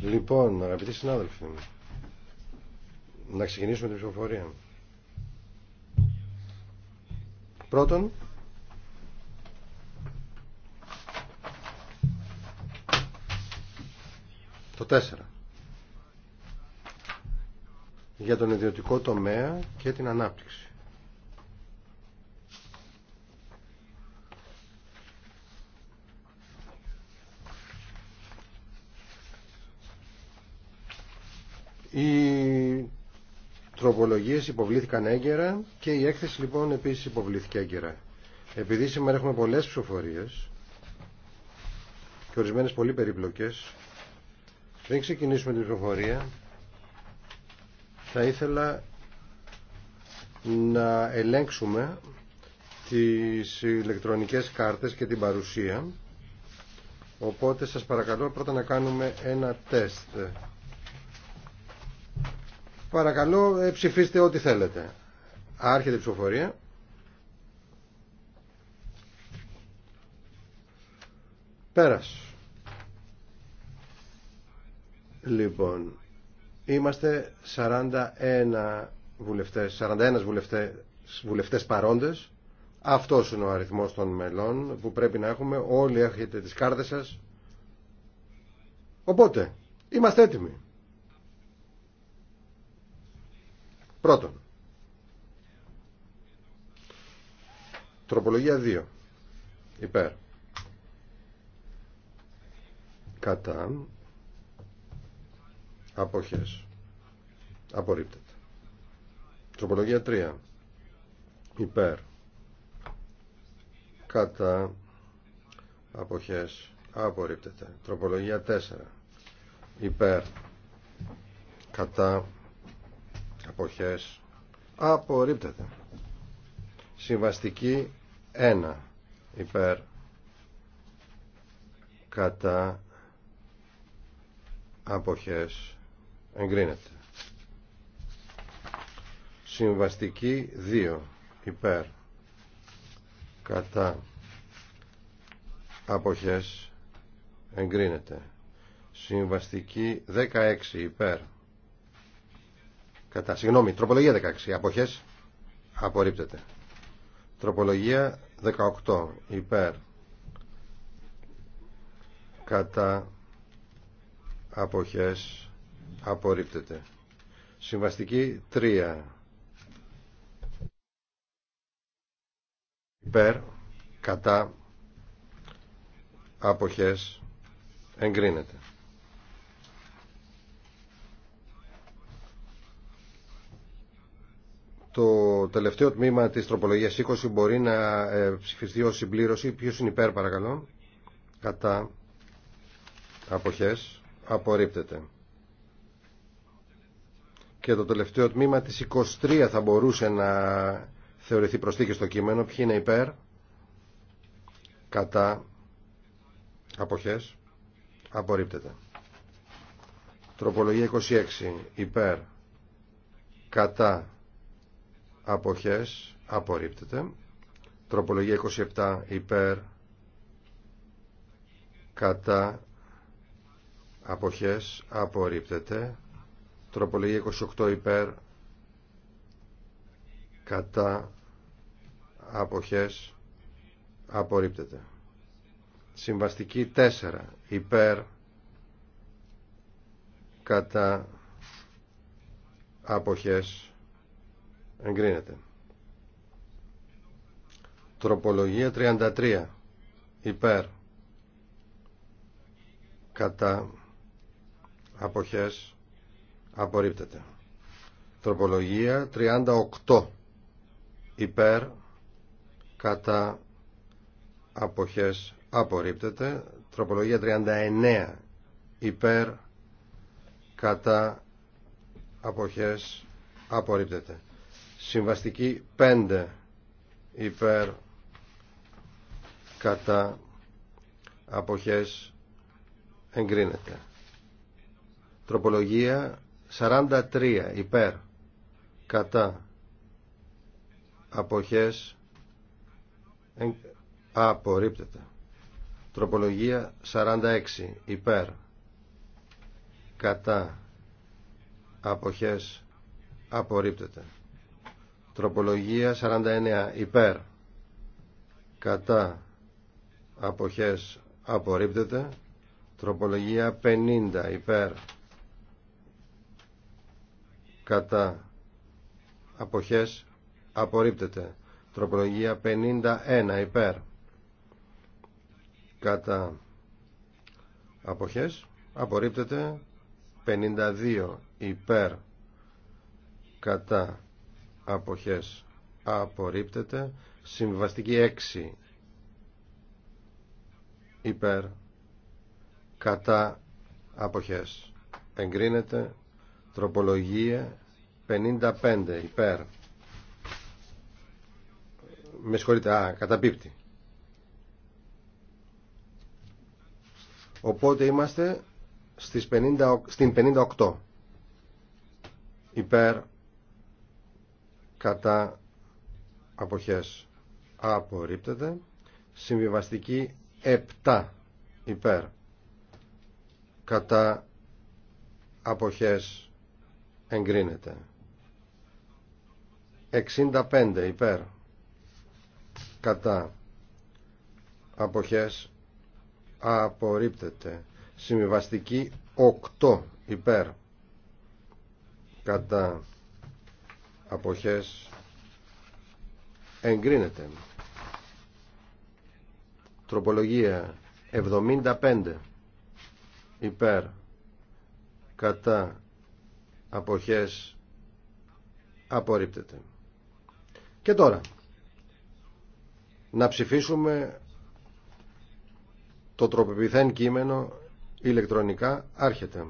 Λοιπόν, αγαπητοί συνάδελφοι, να ξεκινήσουμε την ψηφοφορία. Πρώτον, το τέσσερα, Για τον ιδιωτικό τομέα και την ανάπτυξη. Οι τροπολογίες υποβλήθηκαν έγκαιρα και η έκθεση λοιπόν επίσης υποβλήθηκε έγκαιρα. Επειδή σήμερα έχουμε πολλές ψηφοφορίες και ορισμένες πολύ περίπλοκες, πριν ξεκινήσουμε την ψηφοφορία, θα ήθελα να ελέγξουμε τις ηλεκτρονικές κάρτες και την παρουσία. Οπότε σας παρακαλώ πρώτα να κάνουμε ένα τεστ. Παρακαλώ ε, ψηφίστε ό,τι θέλετε. Άρχεται η ψηφοφορία. Πέρας. Λοιπόν, είμαστε 41 βουλευτές, 41 βουλευτές, βουλευτές παρόντες. Αυτός είναι ο αριθμός των μελών που πρέπει να έχουμε. Όλοι έχετε τις κάρτες σας. Οπότε, είμαστε έτοιμοι. Πρώτον, τροπολογία 2. Υπέρ. Κατά. Αποχές. Απορρίπτεται. Τροπολογία 3. Υπέρ. Κατά. Αποχές. Απορρίπτεται. Τροπολογία 4. Υπέρ. Κατά αποχές απορρίπτεται συμβαστική 1 υπέρ κατά αποχές εγκρίνεται συμβαστική 2 υπέρ κατά αποχές εγκρίνεται συμβαστική 16 υπέρ Κατά. Συγγνώμη. Τροπολογία 16. απόχέ, Απορρίπτεται. Τροπολογία 18. Υπέρ. Κατά. Αποχές. Απορρίπτεται. Συμβαστική 3. Υπέρ. Κατά. Αποχές. Εγκρίνεται. το τελευταίο τμήμα της τροπολογίας 20 μπορεί να ε, ψηφιστεί ως συμπλήρωση. Ποιος είναι υπέρ παρακαλώ. Κατά αποχές απορρίπτεται. Και το τελευταίο τμήμα της 23 θα μπορούσε να θεωρηθεί προσθήκη στο κείμενο. Ποιοι είναι υπέρ. Κατά αποχές απορρίπτεται. Τροπολογία 26 υπέρ κατά αποχές απορρίπτεται τροπολογία 27 υπέρ κατά αποχές απορρίπτεται τροπολογία 28 υπέρ κατά αποχές απορρίπτεται συμβαστική 4 υπέρ κατά αποχές Εγκρίνεται. Τροπολογία 33. Υπέρ. Κατά. Αποχές. Απορρίπτεται. Τροπολογία 38. Υπέρ. Κατά. Αποχές. Απορρίπτεται. Τροπολογία 39. Υπέρ. Κατά. Αποχές. Απορρίπτεται. Συμβαστική 5 υπέρ κατά αποχές εγκρίνεται. Τροπολογία 43 υπέρ κατά αποχές απορρίπτεται. Τροπολογία 46 υπέρ κατά αποχές απορρίπτεται. Τροπολογία 49 υπέρ κατά αποχές απορρίπτεται. Τροπολογία 50 υπέρ κατά αποχές απορρίπτεται. Τροπολογία 51 υπέρ κατά αποχές απορρίπτεται. 52 υπέρ κατά αποχές απορρίπτεται συμβαστική 6 υπέρ κατά αποχές εγκρίνεται τροπολογία 55 υπέρ με συγχωρείτε α καταπίπτει οπότε είμαστε στις 50, στην 58 υπέρ κατά αποχές απορρίπτεται συμβιβαστική 7 υπέρ κατά αποχές εγκρίνεται 65 υπέρ κατά αποχές απορρίπτεται συμβιβαστική 8 υπέρ κατά αποχές εγκρίνεται τροπολογία 75 υπέρ κατά αποχές απορρίπτεται και τώρα να ψηφίσουμε το τροποποιηθέν κείμενο ηλεκτρονικά άρχεται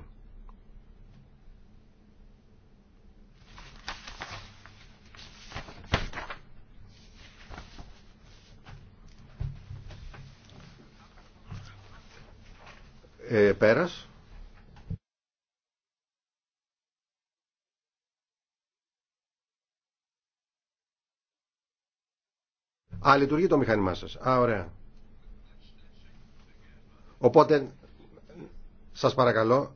Ε, πέρας. Α, λειτουργεί το μηχάνημά σας. Α, ωραία. Οπότε, σας παρακαλώ,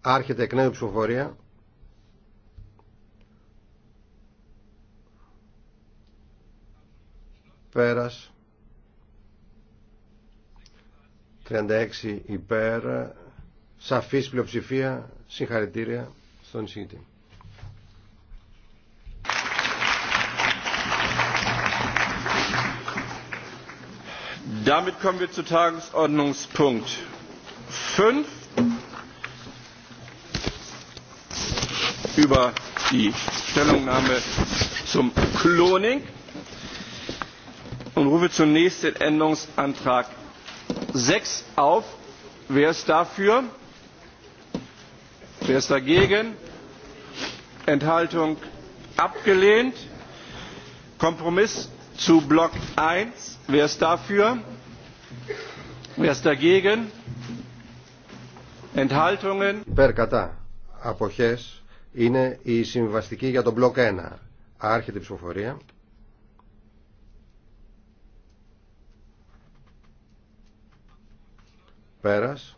άρχεται εκ νέου ψηφοφορία. Πέρας. 36 υπέρ, σαφής πλειοψηφία, συγχαρητήρια στον εισηγητή. Damit kommen wir zu Tagesordnungspunkt 5 über die Stellungnahme zum Cloning und rufe zunächst den Änderungsantrag sechs auf. Wer ist dafür? Wer ist dagegen? Enthaltung abgelehnt. Kompromiss zu Block 1. Wer ist dafür? Wer ist dagegen? Enthaltungen. Υπέρ Αποχές είναι η συμβαστική για τον μπλοκ 1. Άρχεται η ψηφοφορία. Πέρας.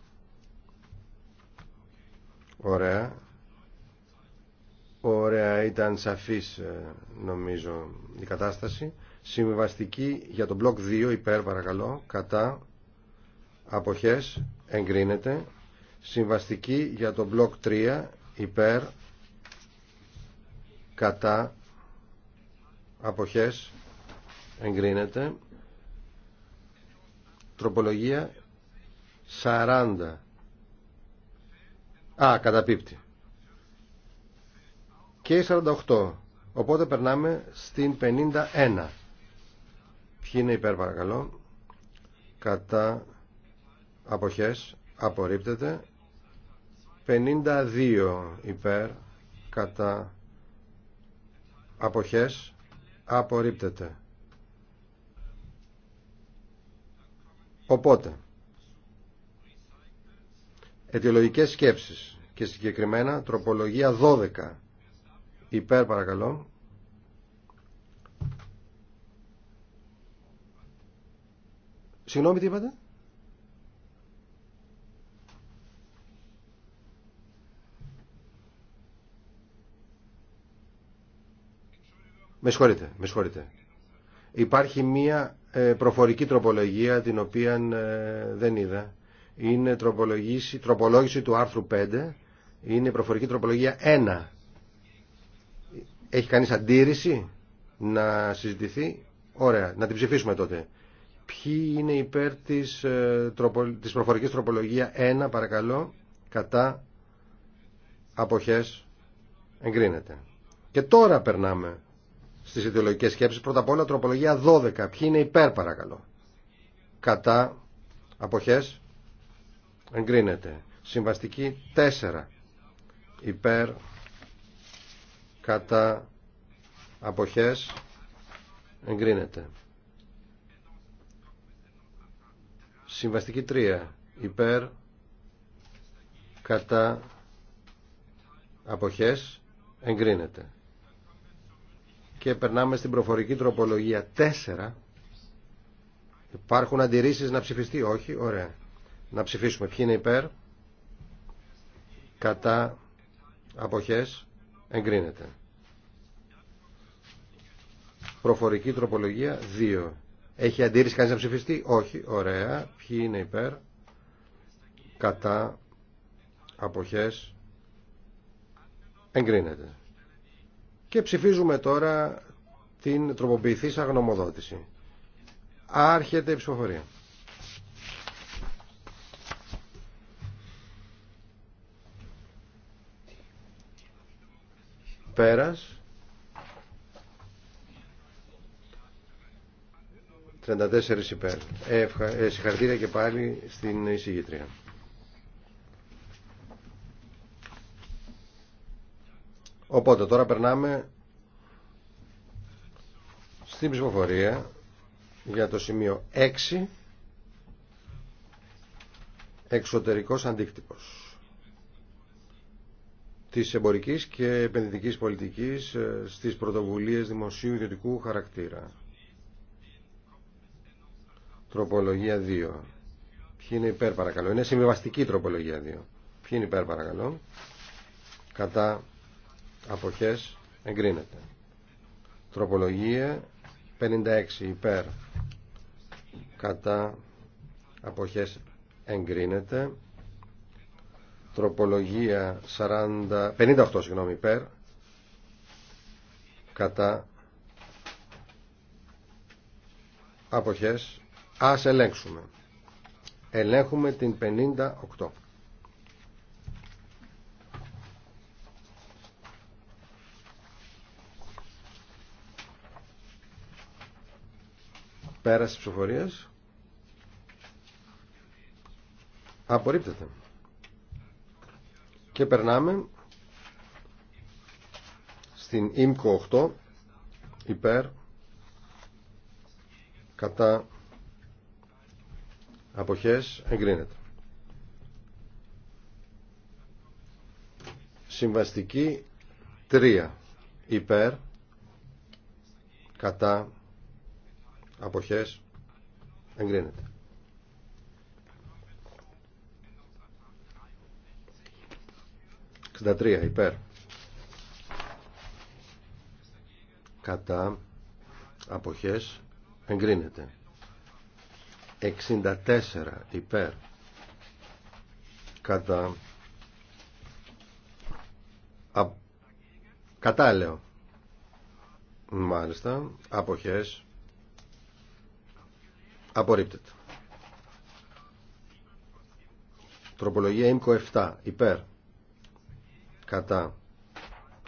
Ωραία. Ωραία ήταν σαφής ε, νομίζω η κατάσταση. Συμβαστική για τον μπλοκ 2 υπέρ παρακαλώ. Κατά. Αποχές. Εγκρίνεται. Συμβαστική για τον μπλοκ 3 υπέρ. Κατά. Αποχές. Εγκρίνεται. Τροπολογία 40. Α, καταπίπτει. Και 48. Οπότε περνάμε στην 51. Ποιοι είναι υπέρ παρακαλώ. Κατά αποχές απορρίπτεται. 52 υπέρ κατά αποχές απορρίπτεται. Οπότε Αιτιολογικές σκέψεις και συγκεκριμένα τροπολογία 12. Υπέρ παρακαλώ. Συγγνώμη τι είπατε. Με συγχωρείτε, με συγχωρείτε. Υπάρχει μία ε, προφορική τροπολογία την οποία ε, δεν είδα είναι τροπολογήση, τροπολόγηση του άρθρου 5, είναι η προφορική τροπολογία 1. Έχει κανείς αντίρρηση να συζητηθεί. Ωραία, να την ψηφίσουμε τότε. Ποιοι είναι υπέρ της, ε, της προφορικής τροπολογία 1, παρακαλώ, κατά αποχές εγκρίνεται. Και τώρα περνάμε στις ιδεολογικές σκέψεις. Πρώτα απ' όλα τροπολογία 12. Ποιοι είναι υπέρ παρακαλώ. Κατά αποχές εγκρίνεται. Συμβαστική 4 υπέρ κατά αποχές εγκρίνεται. Συμβαστική 3 υπέρ κατά αποχές εγκρίνεται. Και περνάμε στην προφορική τροπολογία 4. Υπάρχουν αντιρρήσεις να ψηφιστεί. Όχι. Ωραία να ψηφίσουμε ποιοι είναι υπέρ κατά αποχές εγκρίνεται προφορική τροπολογία 2 έχει αντίρρηση κανείς να ψηφιστεί όχι ωραία ποιοι είναι υπέρ κατά αποχές εγκρίνεται και ψηφίζουμε τώρα την τροποποιηθής γνωμοδότηση άρχεται η ψηφοφορία Πέρας. 34 υπέρ. Ε, ευχα... Ε, συγχαρητήρια και πάλι στην εισηγήτρια. Οπότε τώρα περνάμε στην ψηφοφορία για το σημείο 6 εξωτερικός αντίκτυπος της εμπορικής και επενδυτικής πολιτικής ε, στις πρωτοβουλίες δημοσίου ιδιωτικού χαρακτήρα. Τροπολογία 2. Ποιοι είναι υπέρ παρακαλώ. Είναι συμβιβαστική τροπολογία 2. Ποιοι είναι υπέρ παρακαλώ. Κατά αποχές εγκρίνεται. Τροπολογία 56 υπέρ. Κατά αποχές εγκρίνεται. Τροπολογία 40, 58 συγγνώμη, υπέρ. Κατά. Αποχές. Ας ελέγξουμε. Ελέγχουμε την 58. Πέραση ψηφοφορίας. Απορρίπτεται. Και περνάμε στην ΙΜΚΟ 8 υπέρ κατά αποχές εγκρίνεται. Συμβαστική 3 υπέρ κατά αποχές εγκρίνεται. 63 υπέρ. Κατά αποχές εγκρίνεται. 64 υπέρ. Κατά α, κατά Μάλιστα, αποχές απορρίπτεται. Τροπολογία ΙΜΚΟ 7 υπέρ κατά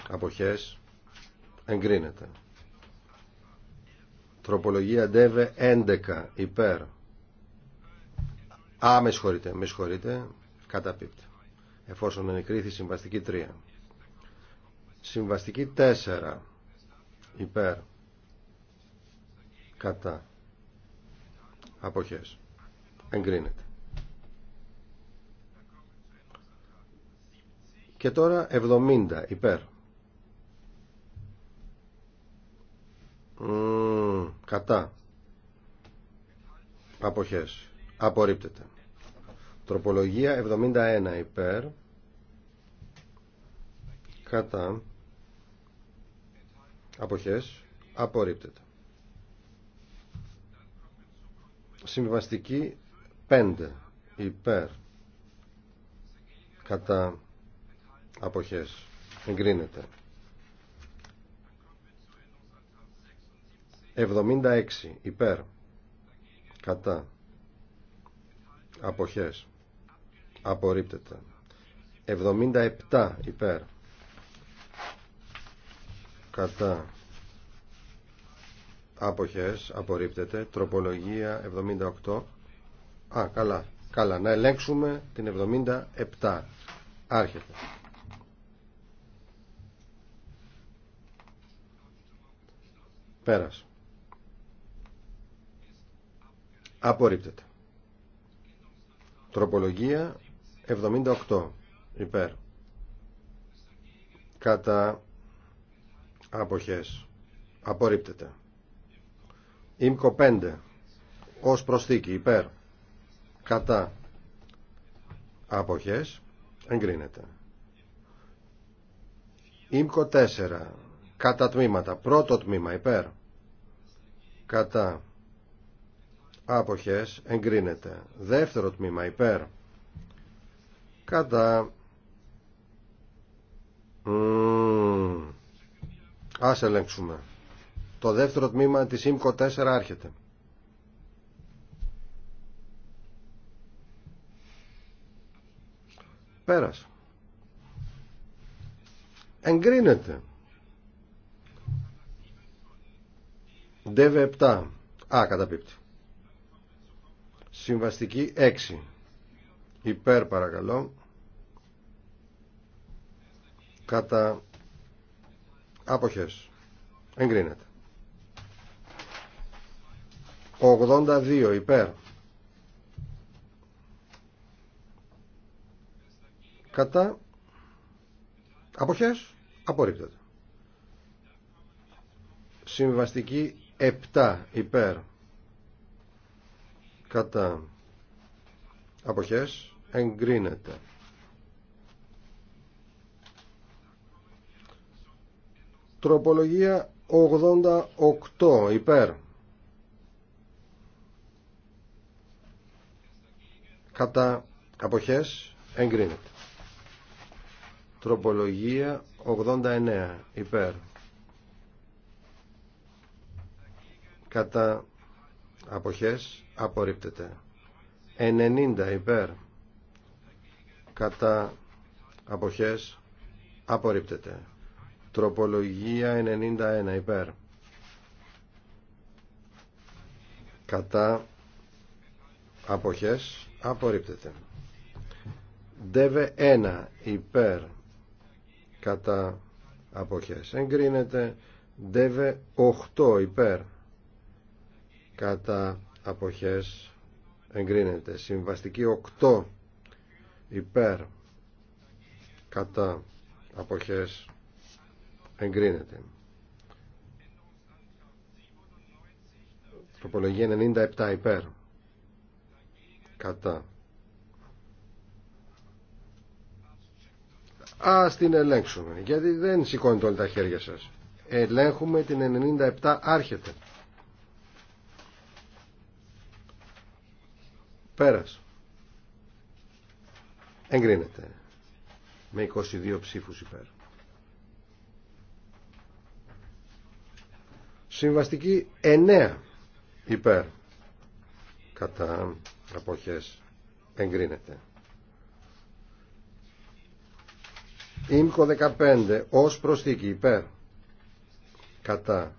αποχές εγκρίνεται τροπολογία ντεβε 11 υπέρ α με συγχωρείτε με συγχωρείτε καταπίπτει εφόσον ενεκρίθη συμβαστική 3 συμβαστική 4 υπέρ κατά αποχές εγκρίνεται Και τώρα 70 υπέρ. κατά. Αποχές. Απορρίπτεται. Τροπολογία 71 υπέρ. Κατά. Αποχές. Απορρίπτεται. Συμβαστική 5 υπέρ. Κατά αποχές εγκρίνεται 76 υπέρ κατά αποχές απορρίπτεται 77 υπέρ κατά άποχες απορρίπτεται τροπολογία 78 α καλά καλά να ελέγξουμε την 77 άρχεται Πέρας. Απορρίπτεται. Τροπολογία 78 υπέρ. Κατά αποχές. Απορρίπτεται. Ήμκο 5 ως προσθήκη υπέρ. Κατά αποχές. Εγκρίνεται. Ήμκο 4 κατά τμήματα. Πρώτο τμήμα υπέρ κατά άποχες εγκρίνεται δεύτερο τμήμα υπέρ κατά ας ελέγξουμε το δεύτερο τμήμα της ΣΥΜΚΟ 4 άρχεται Πέρασε. εγκρίνεται Ντεβε 7. Α, καταπίπτει. Συμβαστική 6. Υπέρ παρακαλώ. Κατά αποχές. Εγκρίνεται. 82 υπέρ. Κατά αποχές. Απορρίπτεται. Συμβαστική Επτά υπέρ κατά αποχές εγκρίνεται. Τροπολογία 88 υπέρ κατά αποχές εγκρίνεται. Τροπολογία 89 υπέρ κατά αποχές απορρίπτεται 90 υπέρ κατά αποχές απορρίπτεται τροπολογία 91 υπέρ κατά αποχές απορρίπτεται ΔΕΒΕ 1 υπέρ κατά αποχές εγκρίνεται ΔΕΒΕ 8 υπέρ κατά αποχές εγκρίνεται. Συμβαστική 8 υπέρ κατά αποχές εγκρίνεται. Τροπολογία 97 υπέρ κατά Ας την ελέγξουμε γιατί δεν σηκώνετε όλα τα χέρια σας. Ελέγχουμε την 97 άρχεται. Πέρας. Εγκρίνεται. Με 22 ψήφους υπέρ. Συμβαστική 9 υπέρ. Κατά αποχές. Εγκρίνεται. Ήμκο 15 ως προσθήκη υπέρ. Κατά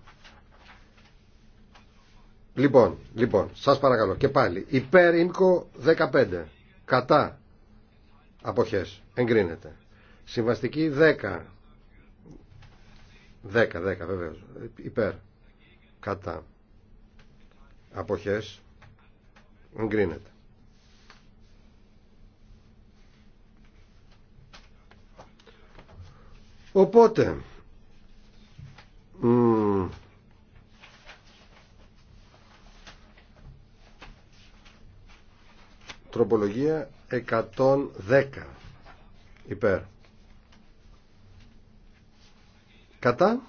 Λοιπόν, λοιπόν, σας παρακαλώ και πάλι. Υπέρ ΙΜΚΟ 15. Κατά. Αποχές. Εγκρίνεται. Συμβαστική 10. 10, 10 βεβαίως. Υπέρ. Κατά. Αποχές. Εγκρίνεται. Οπότε... Τροπολογία 110 υπέρ. Κατά.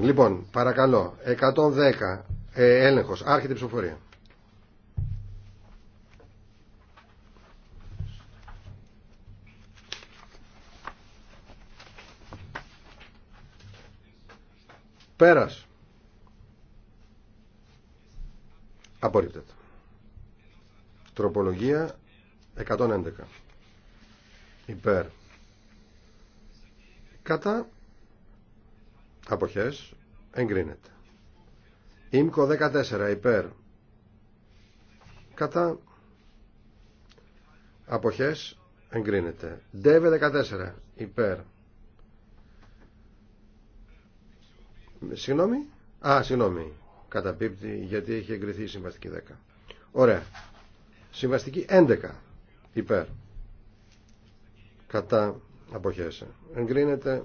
Λοιπόν, παρακαλώ, 110 ε, έλεγχος, άρχεται η ψηφοφορία. Πέρας. Απορρίπτεται. Τροπολογία 111. Υπέρ. Κατά. Αποχές. Εγκρίνεται. Ήμκο 14. Υπέρ. Κατά. Αποχές. Εγκρίνεται. Ντέβε 14. Υπέρ. Συγγνώμη. Α, συγγνώμη. Καταπίπτει γιατί έχει εγκριθεί η συμβαστική 10. Ωραία. Συμβαστική 11 υπέρ. Κατά αποχές. Εγκρίνεται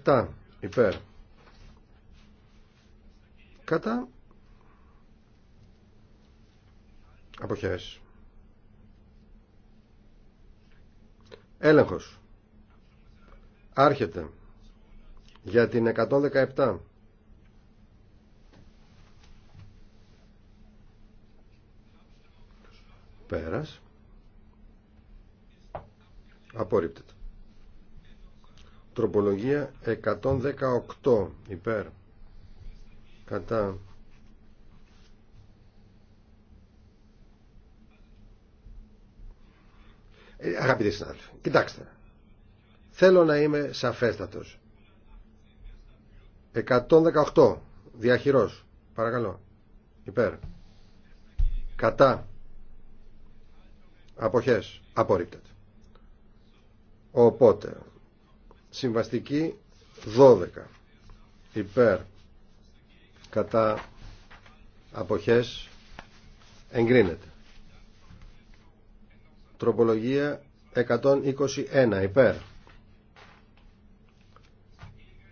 117 υπέρ. Κατά αποχές. Έλεγχος. Άρχεται. Για την 117. Πέρας. Απορρίπτεται. Τροπολογία 118 υπέρ. Κατά. Ε, αγαπητοί συνάδελφοι, κοιτάξτε. Θέλω να είμαι σαφέστατος. 118. Διαχειρός. Παρακαλώ. Υπέρ. Κατά. Αποχές. Απορρίπτεται. Οπότε. Συμβαστική 12. Υπέρ. Κατά. Αποχές. Εγκρίνεται. Τροπολογία 121. Υπέρ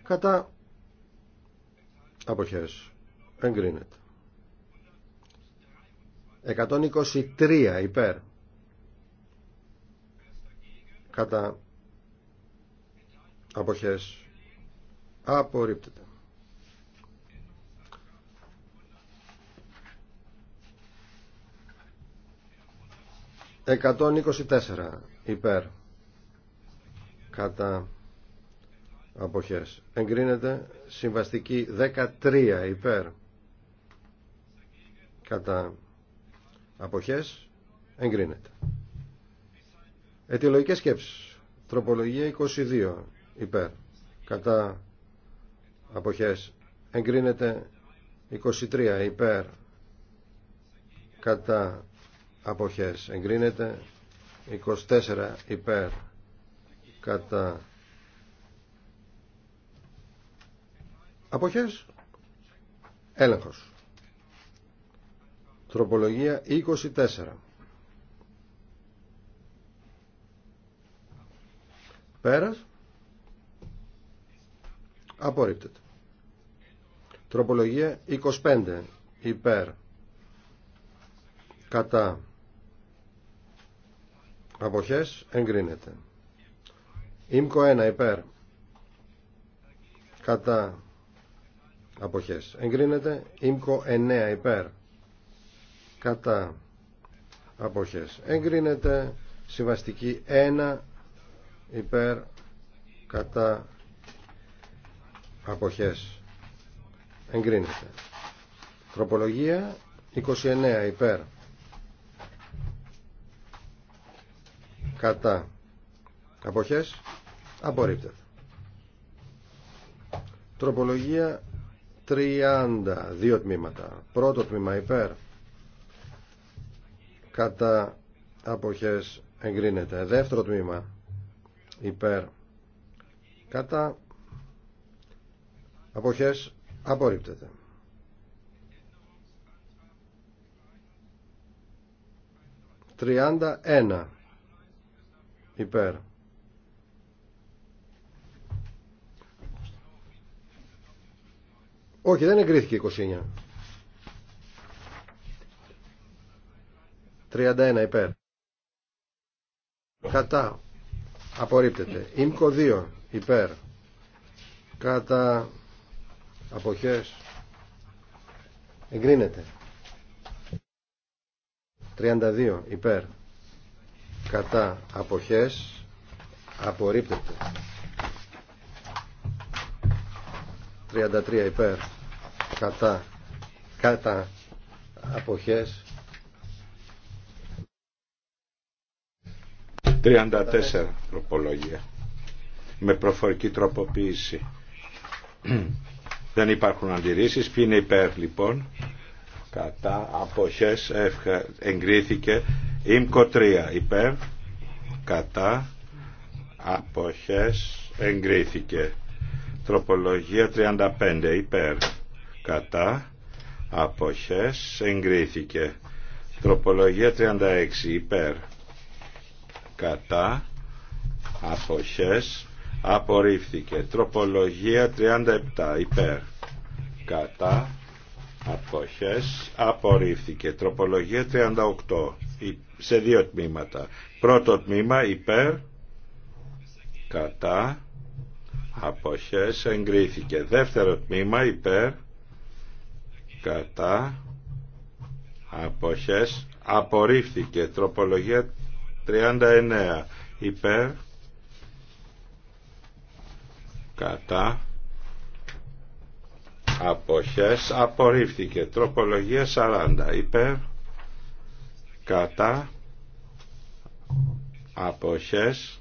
κατά αποχές εγκρίνεται 123 υπέρ κατά αποχές απορρίπτεται 124 υπέρ κατά αποχές εγκρίνεται συμβαστική 13 υπέρ κατά αποχές εγκρίνεται αιτιολογικές σκέψεις τροπολογία 22 υπέρ κατά αποχές εγκρίνεται 23 υπέρ κατά αποχές εγκρίνεται 24 υπέρ κατά Αποχές. Έλεγχος. Τροπολογία 24. Πέρας. Απορρίπτεται. Τροπολογία 25. Υπέρ. Κατά. Αποχές. Εγκρίνεται. Ήμκο 1. Υπέρ. Κατά Αποχές. Εγκρίνεται. Ήμκο 9 υπέρ. Κατά. Αποχές. Εγκρίνεται. Συμβαστική 1 υπέρ. Κατά. Αποχές. Εγκρίνεται. Τροπολογία 29 υπέρ. Κατά. Αποχές. Απορρίπτεται. Τροπολογία 32 δύο τμήματα. Πρώτο τμήμα υπέρ, κατά αποχές εγκρίνεται. Δεύτερο τμήμα υπέρ, κατά αποχές απορρίπτεται. Τριάντα ένα υπέρ Όχι, δεν εγκρίθηκε 29. 31 υπέρ. Κατά. Απορρίπτεται. Ήμκο 2 υπέρ. Κατά. Αποχές. Εγκρίνεται. 32 υπέρ. Κατά. Αποχές. Απορρίπτεται. 33 υπέρ κατά, κατά αποχές 34 τροπολογία με προφορική τροποποίηση δεν υπάρχουν αντιρρήσεις ποιοι είναι υπέρ λοιπόν κατά αποχές εγκρίθηκε ΙΜΚΟ 3 υπέρ κατά αποχές εγκρίθηκε τροπολογία 35 υπέρ κατά αποχές εγκρίθηκε τροπολογία 36 υπέρ κατά αποχές απορρίφθηκε τροπολογία 37 υπέρ κατά αποχές απορρίφθηκε τροπολογία 38 σε δύο τμήματα πρώτο τμήμα υπέρ κατά αποχές εγκρίθηκε δεύτερο τμήμα υπέρ κατά αποχές απορρίφθηκε τροπολογία 39 υπέρ κατά αποχές απορρίφθηκε τροπολογία 40 υπέρ κατά αποχές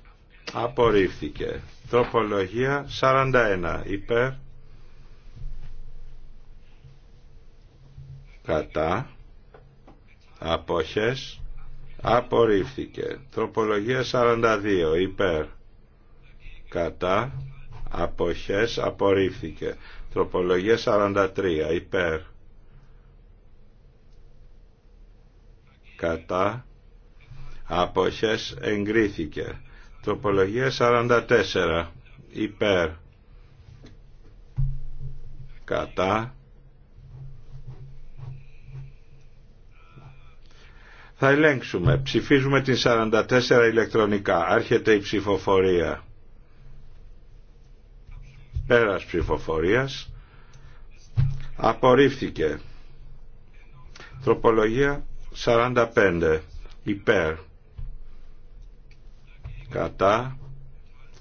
απορρίφθηκε τροπολογία 41 υπέρ κατά αποχές απορρίφθηκε τροπολογία 42 υπέρ κατά αποχές απορρίφθηκε τροπολογία 43 υπέρ κατά αποχές εγκρίθηκε τροπολογία 44 υπέρ κατά Θα ελέγξουμε. Ψηφίζουμε την 44 ηλεκτρονικά. Άρχεται η ψηφοφορία. Πέρας ψηφοφορίας. Απορρίφθηκε. Τροπολογία 45. Υπέρ. Κατά.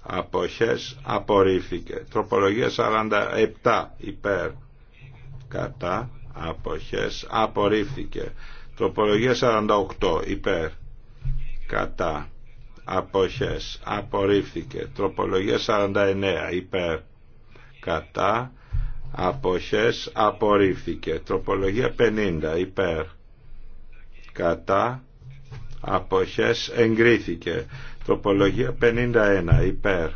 Αποχές. Απορρίφθηκε. Τροπολογία 47. Υπέρ. Κατά. Αποχές. Απορρίφθηκε. Τροπολογία 48 υπέρ κατά αποχές απορρίφθηκε. Τροπολογία 49 υπέρ κατά αποχές απορρίφθηκε. Τροπολογία 50 υπέρ κατά αποχές εγκρίθηκε. Τροπολογία 51 υπέρ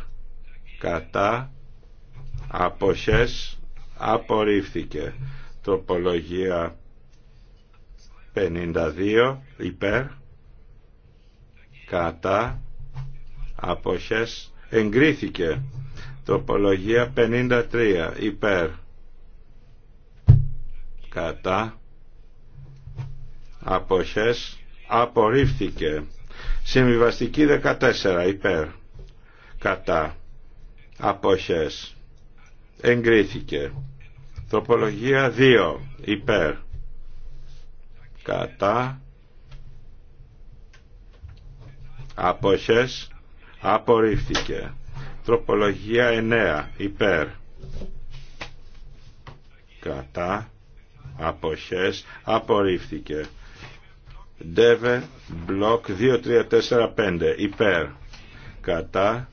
κατά αποχές απορρίφθηκε. Τροπολογία 52 υπέρ κατά αποχές εγκρίθηκε τροπολογία 53 υπέρ κατά αποχές απορρίφθηκε συμβιβαστική 14 υπέρ κατά αποχές εγκρίθηκε τροπολογία 2 υπέρ κατά αποχές απορρίφθηκε τροπολογία 9 υπέρ κατά αποχές απορρίφθηκε ντεβε μπλοκ 2 3 4 5 υπέρ κατά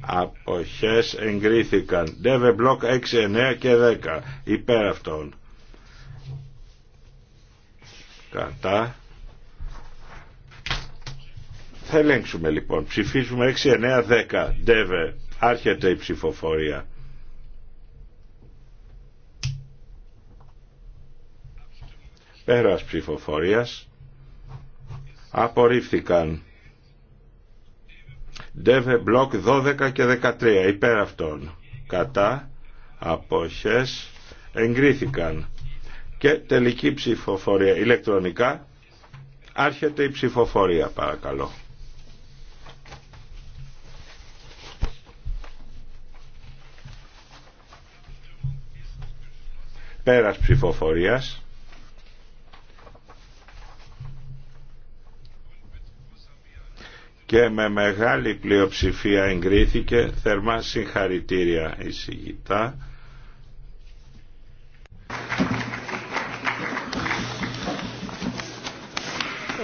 αποχές εγκρίθηκαν ντεβε μπλοκ 6 9 και 10 υπέρ αυτών κατά θα ελέγξουμε λοιπόν ψηφίζουμε 6, 9, 10 ντεβε άρχεται η ψηφοφορία πέρας ψηφοφορίας απορρίφθηκαν ντεβε μπλοκ 12 και 13 υπέρ αυτών κατά αποχές εγκρίθηκαν και τελική ψηφοφορία ηλεκτρονικά. Άρχεται η ψηφοφορία παρακαλώ. Πέρας ψηφοφορίας. και με μεγάλη πλειοψηφία εγκρίθηκε θερμά συγχαρητήρια εισηγητά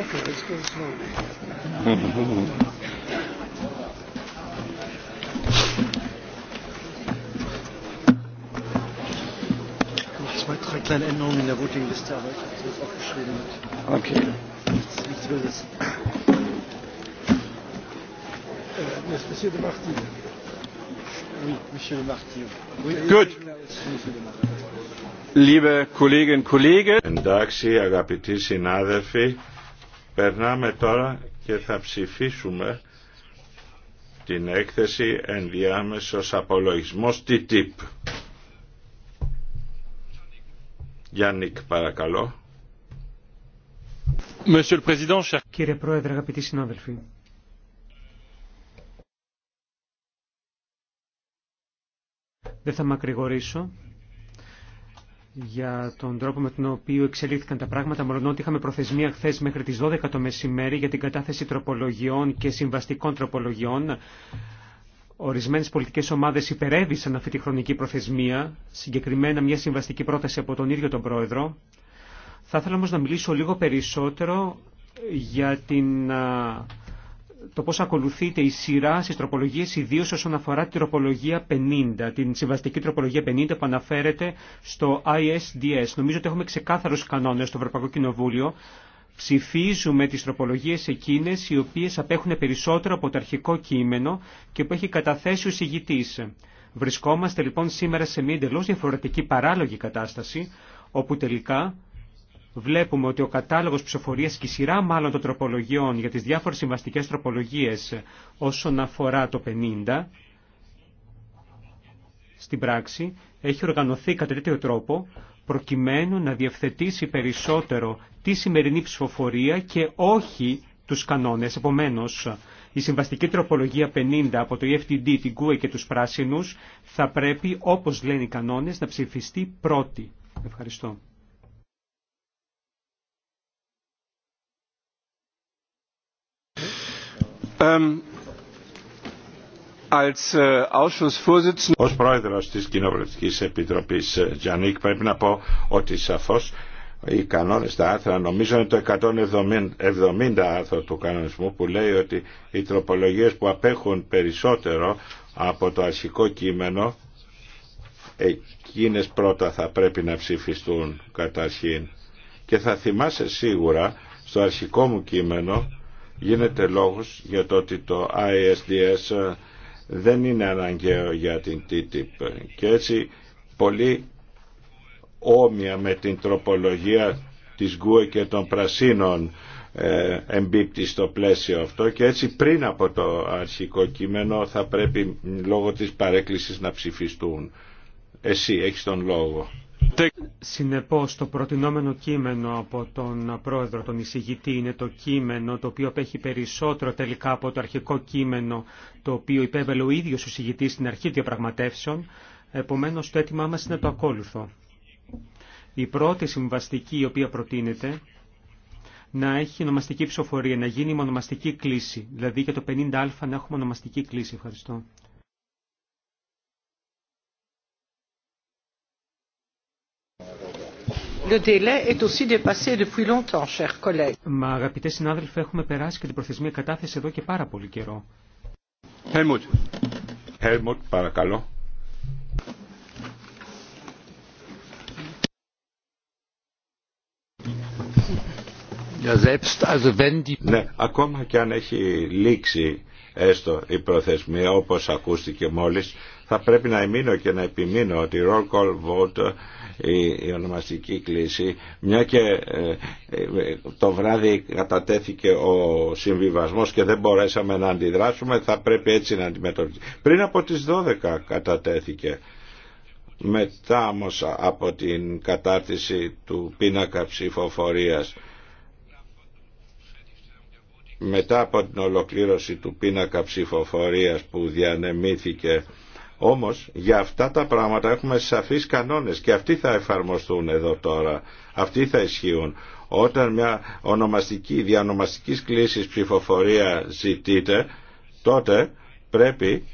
Zwei, drei kleine Änderungen in der Votingliste, aber ich habe es jetzt aufgeschrieben. Okay. Das ist nichts Wildes. Monsieur de Martin. Oui, Monsieur de Martin. Gut. Liebe Kolleginnen und Kollegen. Εντάξει, αγαπητοί συνάδελφοι. Περνάμε τώρα και θα ψηφίσουμε την έκθεση ενδιάμεσος απολογισμός TTIP. Γιάννικ παρακαλώ. Κύριε Πρόεδρε, αγαπητοί συνάδελφοι. Δεν θα μακρηγορήσω για τον τρόπο με τον οποίο εξελίχθηκαν τα πράγματα, μόλον ότι είχαμε προθεσμία χθε μέχρι τις 12 το μεσημέρι για την κατάθεση τροπολογιών και συμβαστικών τροπολογιών. Ορισμένε πολιτικέ ομάδε υπερέβησαν αυτή τη χρονική προθεσμία, συγκεκριμένα μια συμβαστική πρόταση από τον ίδιο τον πρόεδρο. Θα ήθελα όμω να μιλήσω λίγο περισσότερο για την το πώς ακολουθείται η σειρά στις τροπολογίες, ιδίω όσον αφορά την τροπολογία 50, την συμβαστική τροπολογία 50 που αναφέρεται στο ISDS. Νομίζω ότι έχουμε ξεκάθαρους κανόνες στο Ευρωπαϊκό Κοινοβούλιο. Ψηφίζουμε τις τροπολογίες εκείνες οι οποίες απέχουν περισσότερο από το αρχικό κείμενο και που έχει καταθέσει ο συγητής. Βρισκόμαστε λοιπόν σήμερα σε μια εντελώ διαφορετική παράλογη κατάσταση, όπου τελικά βλέπουμε ότι ο κατάλογος ψηφοφορίας και η σειρά μάλλον των τροπολογιών για τις διάφορες συμβαστικές τροπολογίες όσον αφορά το 50 στην πράξη έχει οργανωθεί κατά τέτοιο τρόπο προκειμένου να διευθετήσει περισσότερο τη σημερινή ψηφοφορία και όχι τους κανόνες. Επομένως, η συμβαστική τροπολογία 50 από το EFTD, την ΚΟΕ e και τους πράσινους θα πρέπει, όπως λένε οι κανόνες, να ψηφιστεί πρώτη. Ευχαριστώ. Ähm, äh, Ως πρόεδρος της Κοινοβουλευτικής Επιτροπής ε, Τζανίκ πρέπει να πω ότι σαφώς οι κανόνες τα άρθρα νομίζω είναι το 170 άρθρο του κανονισμού που λέει ότι οι τροπολογίες που απέχουν περισσότερο από το αρχικό κείμενο εκείνες πρώτα θα πρέπει να ψηφιστούν καταρχήν και θα θυμάσαι σίγουρα στο αρχικό μου κείμενο γίνεται λόγος για το ότι το ISDS ε, δεν είναι αναγκαίο για την TTIP και έτσι πολύ όμοια με την τροπολογία της ΓΚΟΕ και των Πρασίνων ε, εμπίπτει στο πλαίσιο αυτό και έτσι πριν από το αρχικό κείμενο θα πρέπει λόγω της παρέκκλησης να ψηφιστούν. Εσύ έχεις τον λόγο. Συνεπώς το προτινόμενο κείμενο από τον πρόεδρο, τον εισηγητή, είναι το κείμενο το οποίο απέχει περισσότερο τελικά από το αρχικό κείμενο το οποίο υπέβαλε ο ίδιος ο εισηγητής στην αρχή διαπραγματεύσεων. Επομένως το αίτημά μας είναι το ακόλουθο. Η πρώτη συμβαστική η οποία προτείνεται να έχει ονομαστική ψηφοφορία, να γίνει μονομαστική κλίση. Δηλαδή για το 50α να έχουμε ονομαστική κλίση. Ευχαριστώ. Le délai est aussi dépassé depuis longtemps, chers collègues. Μα αγαπητέ συνάδελφοι, έχουμε περάσει και την προθεσμία κατάθεση εδώ και πάρα πολύ καιρό. Helmut. Helmut, παρακαλώ. Ja, selbst, also wenn Ναι, ακόμα και αν έχει λήξει έστω η προθεσμία όπως ακούστηκε μόλις θα πρέπει να εμείνω και να επιμείνω ότι roll call vote η, ονομαστική κλίση μια και ε, ε, το βράδυ κατατέθηκε ο συμβιβασμός και δεν μπορέσαμε να αντιδράσουμε θα πρέπει έτσι να αντιμετωπίσουμε πριν από τις 12 κατατέθηκε μετά όμω από την κατάρτιση του πίνακα ψηφοφορίας μετά από την ολοκλήρωση του πίνακα ψηφοφορία που διανεμήθηκε όμως για αυτά τα πράγματα έχουμε σαφείς κανόνες και αυτοί θα εφαρμοστούν εδώ τώρα. Αυτοί θα ισχύουν. Όταν μια ονομαστική, διανομαστική κλίσης ψηφοφορία ζητείτε, τότε πρέπει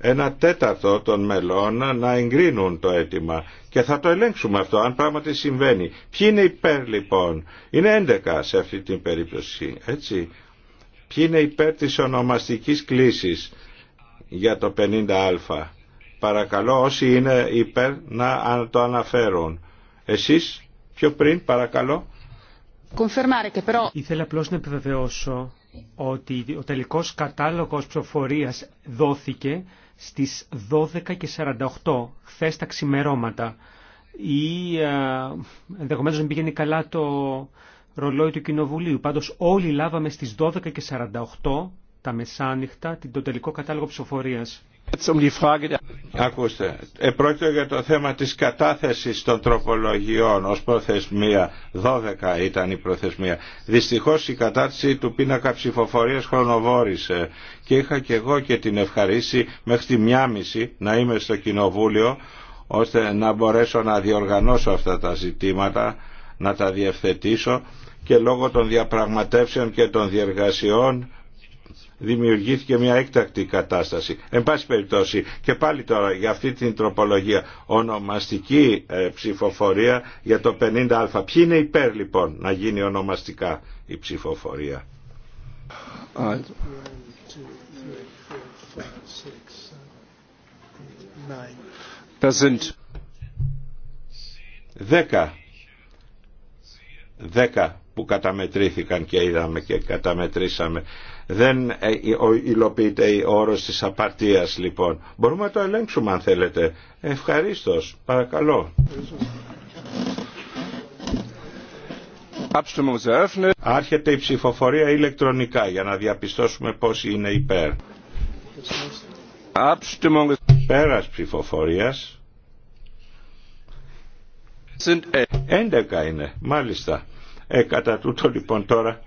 ένα τέταρτο των μελών να εγκρίνουν το αίτημα και θα το ελέγξουμε αυτό αν πράγματι συμβαίνει. Ποιοι είναι υπέρ λοιπόν. Είναι 11 σε αυτή την περίπτωση. Έτσι. Ποιοι είναι υπέρ της ονομαστικής κλίσης για το 50α. Παρακαλώ όσοι είναι υπέρ να το αναφέρουν. Εσείς πιο πριν παρακαλώ. Ήθελα απλώ να επιβεβαιώσω ότι ο τελικός κατάλογος ψηφοφορίας δόθηκε στις 12.48 χθε τα ξημερώματα ή ενδεχομένω πήγαινε καλά το ρολόι του Κοινοβουλίου. Πάντως όλοι λάβαμε στις 12.48 τα μεσάνυχτα το τελικό κατάλογο ψηφοφορίας. Ακούστε, ε, πρόκειται για το θέμα της κατάθεσης των τροπολογιών ως προθεσμία, 12 ήταν η προθεσμία. Δυστυχώς η κατάρτιση του πίνακα ψηφοφορίας χρονοβόρησε και είχα και εγώ και την ευχαρίστηση μέχρι τη μία να είμαι στο Κοινοβούλιο ώστε να μπορέσω να διοργανώσω αυτά τα ζητήματα, να τα διευθετήσω και λόγω των διαπραγματεύσεων και των διεργασιών δημιουργήθηκε μια έκτακτη κατάσταση. Εν πάση περιπτώσει και πάλι τώρα για αυτή την τροπολογία ονομαστική ε, ψηφοφορία για το 50α. Ποιοι είναι υπέρ λοιπόν να γίνει ονομαστικά η ψηφοφορία. Δέκα. Δέκα που καταμετρήθηκαν και είδαμε και καταμετρήσαμε. Δεν ε, υλοποιείται ο όρος της απαρτίας λοιπόν. Μπορούμε να το ελέγξουμε αν θέλετε. Ευχαριστώ. Παρακαλώ. Άρχεται η ψηφοφορία ηλεκτρονικά για να διαπιστώσουμε πόσοι είναι υπέρ. Πέρας ψηφοφορίας. 11 ε, είναι, μάλιστα. Ε, κατά τούτο λοιπόν τώρα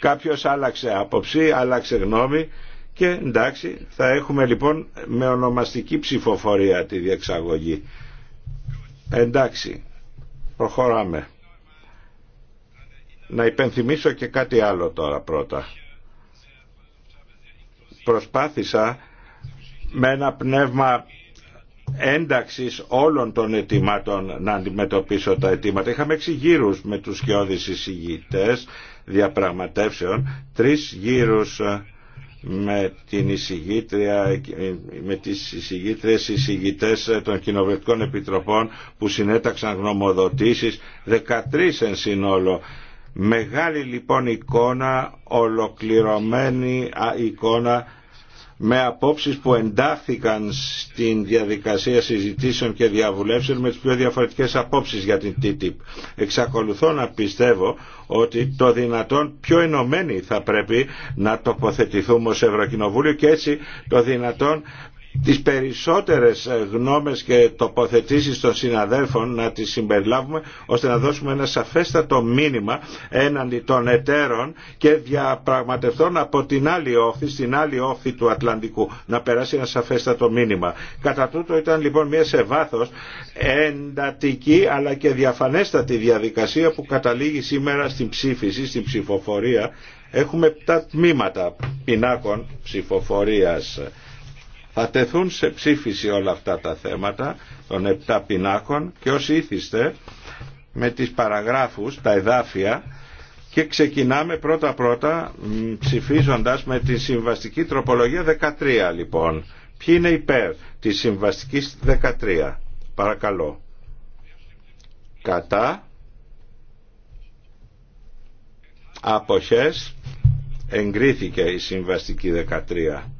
κάποιος άλλαξε άποψη, άλλαξε γνώμη και εντάξει θα έχουμε λοιπόν με ονομαστική ψηφοφορία τη διεξαγωγή. Εντάξει, προχωράμε. Να υπενθυμίσω και κάτι άλλο τώρα πρώτα. Προσπάθησα με ένα πνεύμα ένταξης όλων των αιτήματων να αντιμετωπίσω τα αιτήματα. Είχαμε έξι με τους σκιώδεις εισηγητές διαπραγματεύσεων, τρεις γύρους ε, με την εισηγήτρια, με τις εισηγήτρες, εισηγητές ε, των κοινοβουλευτικών επιτροπών που συνέταξαν γνωμοδοτήσεις, 13 εν συνόλο. Μεγάλη λοιπόν εικόνα, ολοκληρωμένη εικόνα με απόψεις που εντάχθηκαν στην διαδικασία συζητήσεων και διαβουλεύσεων με τις πιο διαφορετικές απόψεις για την TTIP. Εξακολουθώ να πιστεύω ότι το δυνατόν πιο ενωμένοι θα πρέπει να τοποθετηθούμε ως Ευρωκοινοβούλιο και έτσι το δυνατόν τις περισσότερες ε, γνώμες και τοποθετήσεις των συναδέλφων να τις συμπεριλάβουμε ώστε να δώσουμε ένα σαφέστατο μήνυμα έναντι των εταίρων και διαπραγματευτών από την άλλη όχθη, στην άλλη όχθη του Ατλαντικού να περάσει ένα σαφέστατο μήνυμα. Κατά τούτο ήταν λοιπόν μια σε βάθος εντατική αλλά και διαφανέστατη διαδικασία που καταλήγει σήμερα στην ψήφιση, στην ψηφοφορία. Έχουμε τα τμήματα πινάκων ψηφοφορίας. Θα τεθούν σε ψήφιση όλα αυτά τα θέματα των επτά πινάκων και όσοι ήθιστε με τις παραγράφους, τα εδάφια και ξεκινάμε πρώτα πρώτα ψηφίζοντας με τη συμβαστική τροπολογία 13 λοιπόν. Ποιοι είναι υπέρ της συμβαστικής 13. Παρακαλώ. Κατά. Αποχές. Εγκρίθηκε η συμβαστική 13.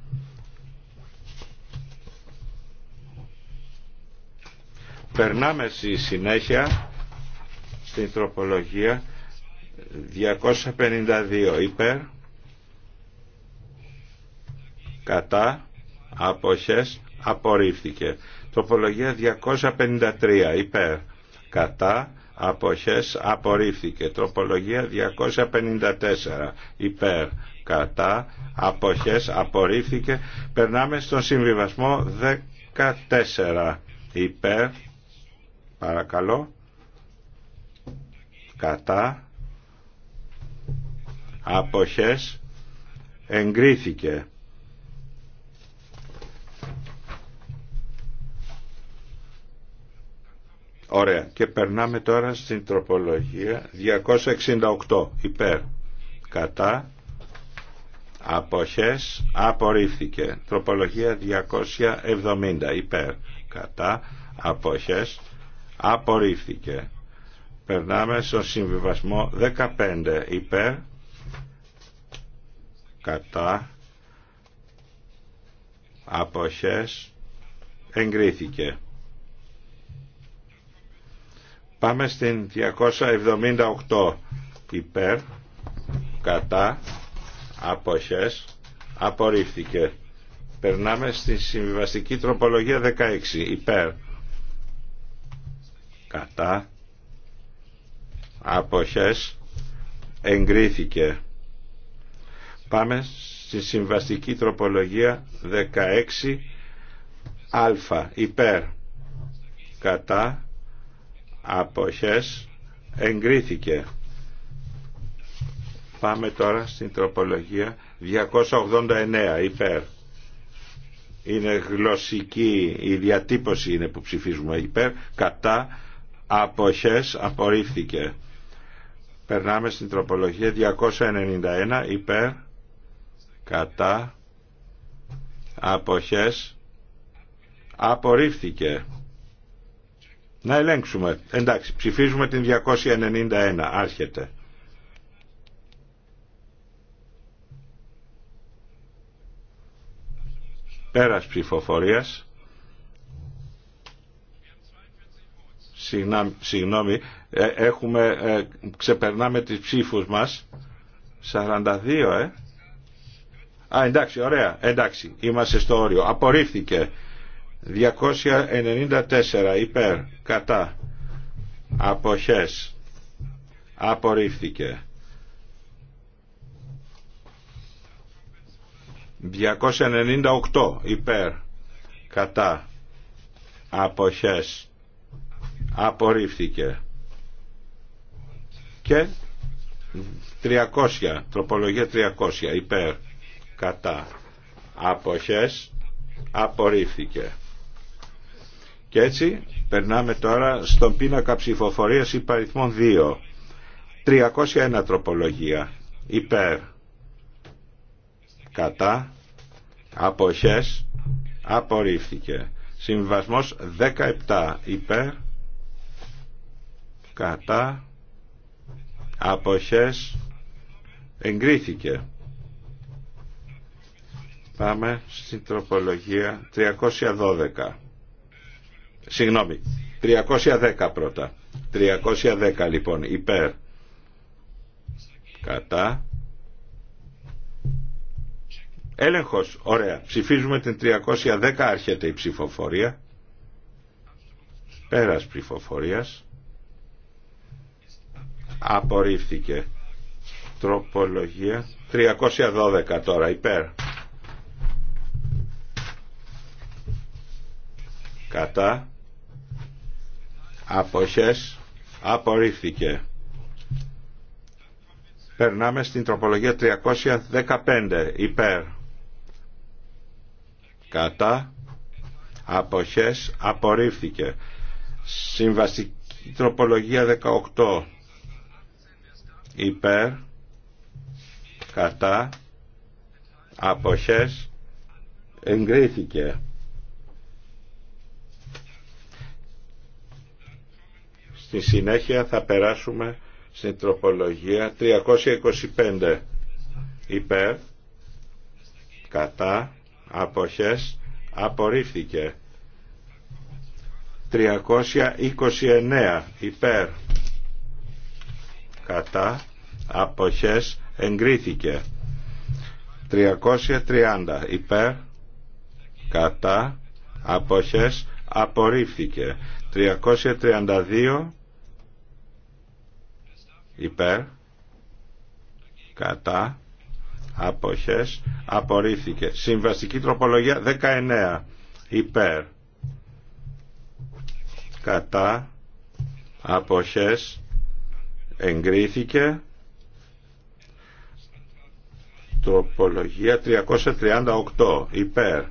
Περνάμε στη συνέχεια στην τροπολογία 252 υπέρ κατά αποχές απορρίφθηκε. Τροπολογία 253 υπέρ κατά αποχές απορρίφθηκε. Τροπολογία 254 υπέρ κατά αποχές απορρίφθηκε. Περνάμε στον συμβιβασμό 14 υπέρ Παρακαλώ. Κατά. Αποχές. Εγκρίθηκε. Ωραία. Και περνάμε τώρα στην τροπολογία 268. Υπέρ. Κατά. Αποχές. Απορρίφθηκε. Τροπολογία 270. Υπέρ. Κατά. Αποχές απορρίφθηκε. Περνάμε στο συμβιβασμό 15 υπέρ κατά αποχές εγκρίθηκε. Πάμε στην 278 υπέρ κατά αποχές απορρίφθηκε. Περνάμε στη συμβιβαστική τροπολογία 16 υπέρ κατά αποχές εγκρίθηκε πάμε στη συμβαστική τροπολογία 16 α υπέρ κατά αποχές εγκρίθηκε πάμε τώρα στην τροπολογία 289 υπέρ είναι γλωσσική η διατύπωση είναι που ψηφίζουμε υπέρ κατά αποχές απορρίφθηκε. Περνάμε στην τροπολογία 291 υπέρ κατά αποχές απορρίφθηκε. Να ελέγξουμε. Εντάξει, ψηφίζουμε την 291. Άρχεται. Πέρας ψηφοφορίας συγγνώμη, ε, έχουμε, ε, ξεπερνάμε τις ψήφους μας. 42, ε. Α, εντάξει, ωραία, εντάξει, είμαστε στο όριο. Απορρίφθηκε. 294 υπέρ, κατά, αποχές, απορρίφθηκε. 298 υπέρ, κατά, αποχές, απορρίφθηκε και 300 τροπολογία 300 υπέρ κατά αποχές απορρίφθηκε και έτσι περνάμε τώρα στον πίνακα ψηφοφορίας υπαριθμών 2 301 τροπολογία υπέρ κατά αποχές απορρίφθηκε συμβασμός 17 υπέρ κατά αποχές εγκρίθηκε πάμε στην τροπολογία 312 συγγνώμη 310 πρώτα 310 λοιπόν υπέρ κατά έλεγχος ωραία ψηφίζουμε την 310 άρχεται η ψηφοφορία πέρας ψηφοφορίας απορρίφθηκε τροπολογία 312 τώρα υπέρ κατά αποχές απορρίφθηκε περνάμε στην τροπολογία 315 υπέρ κατά αποχές απορρίφθηκε συμβαστική τροπολογία 18 υπέρ κατά αποχές εγκρίθηκε στη συνέχεια θα περάσουμε στην τροπολογία 325 υπέρ κατά αποχές απορρίφθηκε 329 υπέρ κατά αποχές εγκρίθηκε 330 υπέρ κατά αποχές απορρίφθηκε 332 υπέρ κατά αποχές απορρίφθηκε συμβαστική τροπολογία 19 υπέρ κατά αποχές εγκρίθηκε τροπολογία 338 υπέρ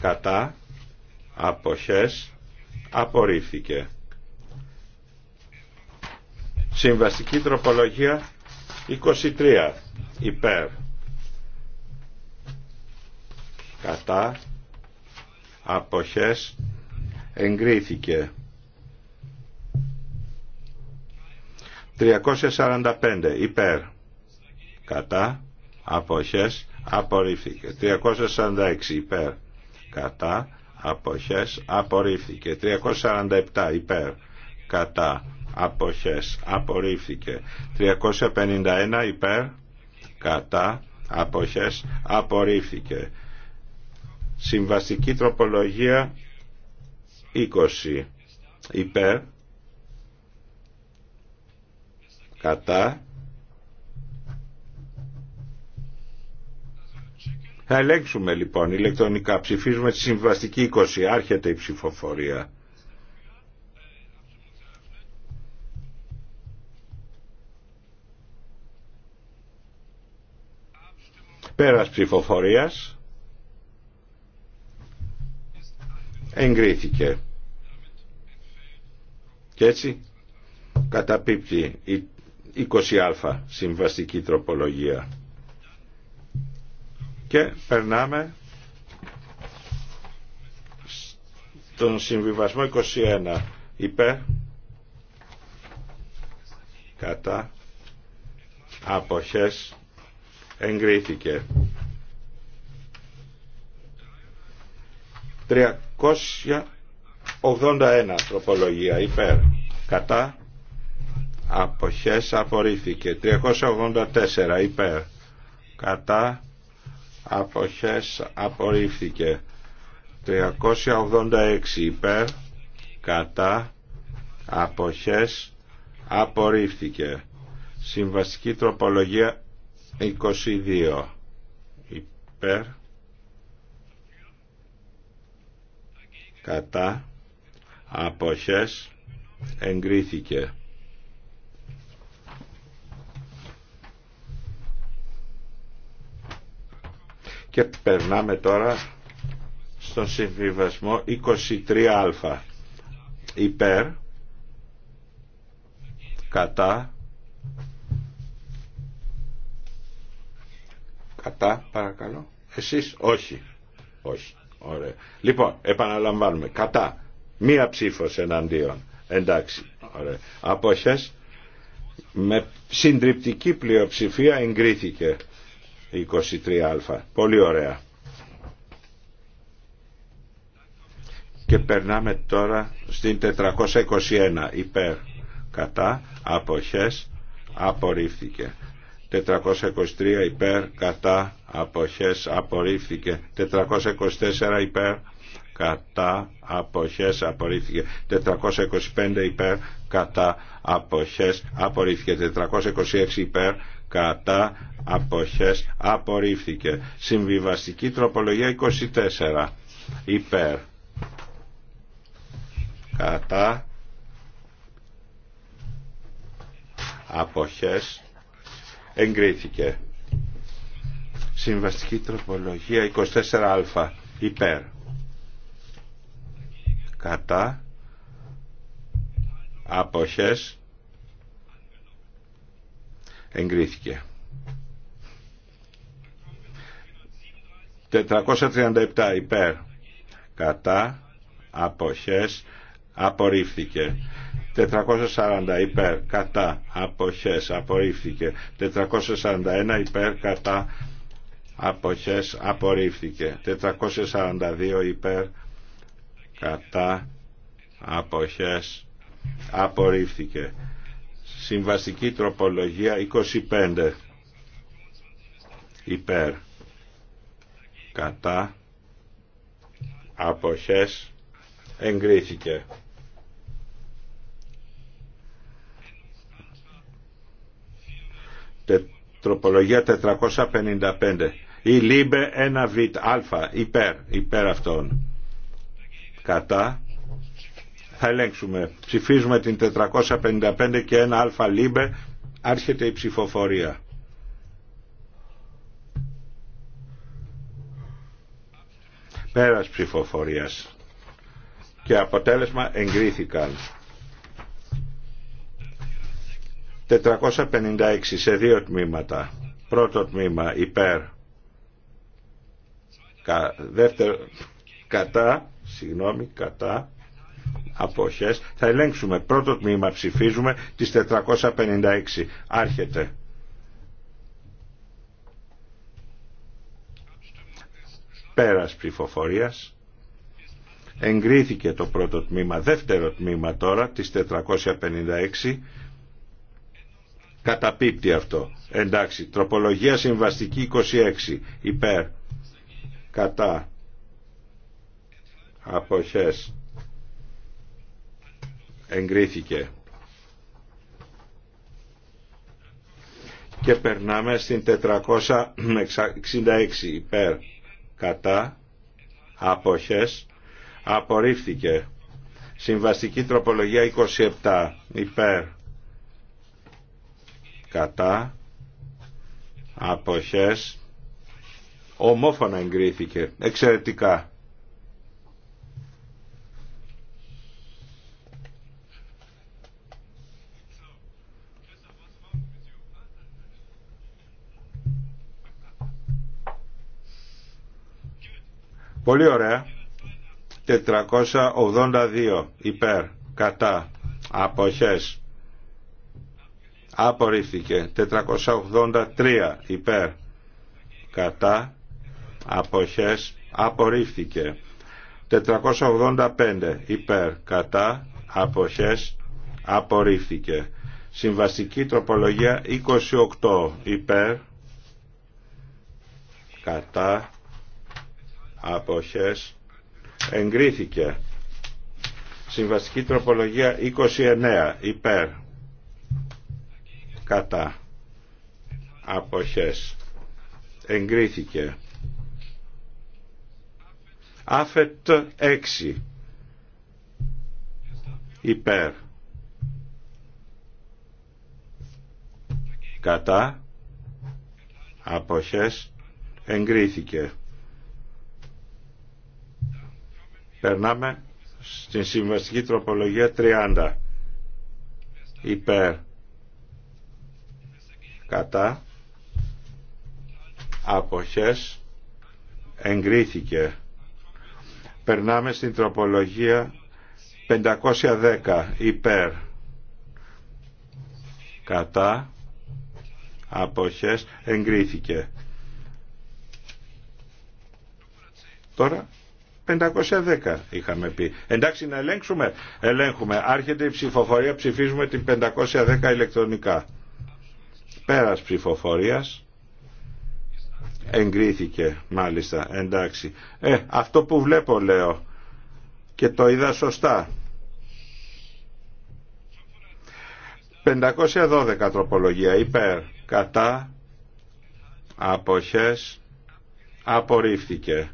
κατά αποχές απορρίφθηκε συμβαστική τροπολογία 23 υπέρ κατά αποχές εγκρίθηκε 345 υπέρ κατά αποχές απορρίφθηκε 346 υπέρ κατά αποχές απορρίφθηκε 347 υπέρ κατά αποχές απορρίφθηκε 351 υπέρ κατά αποχές απορρίφθηκε συμβαστική τροπολογία 20 υπέρ Κατά. Θα ελέγξουμε λοιπόν ηλεκτρονικά. Ψηφίζουμε τη συμβαστική 20. Άρχεται η ψηφοφορία. Πέρας ψηφοφορίας. Εγκρίθηκε. Και έτσι καταπίπτει η 20α συμβαστική τροπολογία. Και περνάμε στον συμβιβασμό 21 υπέρ κατά αποχές εγκρίθηκε 381 τροπολογία υπέρ κατά αποχές απορρίφθηκε 384 υπέρ κατά αποχές απορρίφθηκε 386 υπέρ κατά αποχές απορρίφθηκε συμβαστική τροπολογία 22 υπέρ κατά αποχές εγκρίθηκε Και περνάμε τώρα στον συμβιβασμό 23α. Υπέρ, κατά, κατά παρακαλώ. Εσείς όχι. Όχι. Ωραία. Λοιπόν, επαναλαμβάνουμε. Κατά. Μία ψήφος εναντίον. Εντάξει. Ωραία. Αποχές με συντριπτική πλειοψηφία εγκρίθηκε. 23α. Πολύ ωραία. Και περνάμε τώρα στην 421 υπέρ κατά αποχές απορρίφθηκε. 423 υπέρ κατά αποχές απορρίφθηκε 424 υπέρ κατά αποχές απορρίφθηκε 425 υπέρ κατά αποχές απορρίφθηκε 426 υπέρ κατά αποχές απορρίφθηκε συμβιβαστική τροπολογία 24 υπέρ κατά αποχές εγκρίθηκε συμβαστική τροπολογία 24α υπέρ κατά αποχές εγκρίθηκε 437 υπέρ κατά αποχές απορρίφθηκε 440 υπέρ κατά αποχές απορρίφθηκε 441 υπέρ κατά αποχές απορρίφθηκε 442 υπέρ κατά αποχές απορρίφθηκε Συμβαστική τροπολογία 25 υπέρ κατά αποχές εγκρίθηκε. Τε, τροπολογία 455 η λίμπε 1 βιτ αλφα. υπέρ, υπέρ αυτών κατά θα ελέγξουμε. Ψηφίζουμε την 455 και 1 αλφα λίμπε. Άρχεται η ψηφοφορία. Πέρας ψηφοφορίας. Και αποτέλεσμα εγκρίθηκαν. 456 σε δύο τμήματα. Πρώτο τμήμα υπέρ. Κα, δεύτερο, κατά, συγγνώμη, κατά αποχές θα ελέγξουμε πρώτο τμήμα ψηφίζουμε τις 456 άρχεται πέρας ψηφοφορίας εγκρίθηκε το πρώτο τμήμα δεύτερο τμήμα τώρα τις 456 καταπίπτει αυτό εντάξει τροπολογία συμβαστική 26 υπέρ κατά αποχές εγκρίθηκε. Και περνάμε στην 466 υπέρ κατά αποχές απορρίφθηκε. Συμβαστική τροπολογία 27 υπέρ κατά αποχές ομόφωνα εγκρίθηκε εξαιρετικά. Πολύ ωραία. 482 υπέρ κατά αποχές απορρίφθηκε 483 υπέρ κατά αποχές απορρίφθηκε 485 υπέρ κατά αποχές απορρίφθηκε συμβαστική τροπολογία 28 υπέρ κατά αποχές εγκρίθηκε συμβαστική τροπολογία 29 υπέρ κατά αποχές εγκρίθηκε άφετ 6 υπέρ κατά αποχές εγκρίθηκε Περνάμε στην συμβαστική τροπολογία 30. Υπέρ. Κατά. Αποχές. Εγκρίθηκε. Περνάμε στην τροπολογία 510. Υπέρ. Κατά. Αποχές. Εγκρίθηκε. Τώρα 510 είχαμε πει. Εντάξει να ελέγξουμε. Ελέγχουμε. Άρχεται η ψηφοφορία. Ψηφίζουμε την 510 ηλεκτρονικά. Πέρας ψηφοφορίας. Εγκρίθηκε μάλιστα. Εντάξει. Ε, αυτό που βλέπω λέω. Και το είδα σωστά. 512 τροπολογία υπέρ κατά αποχές απορρίφθηκε.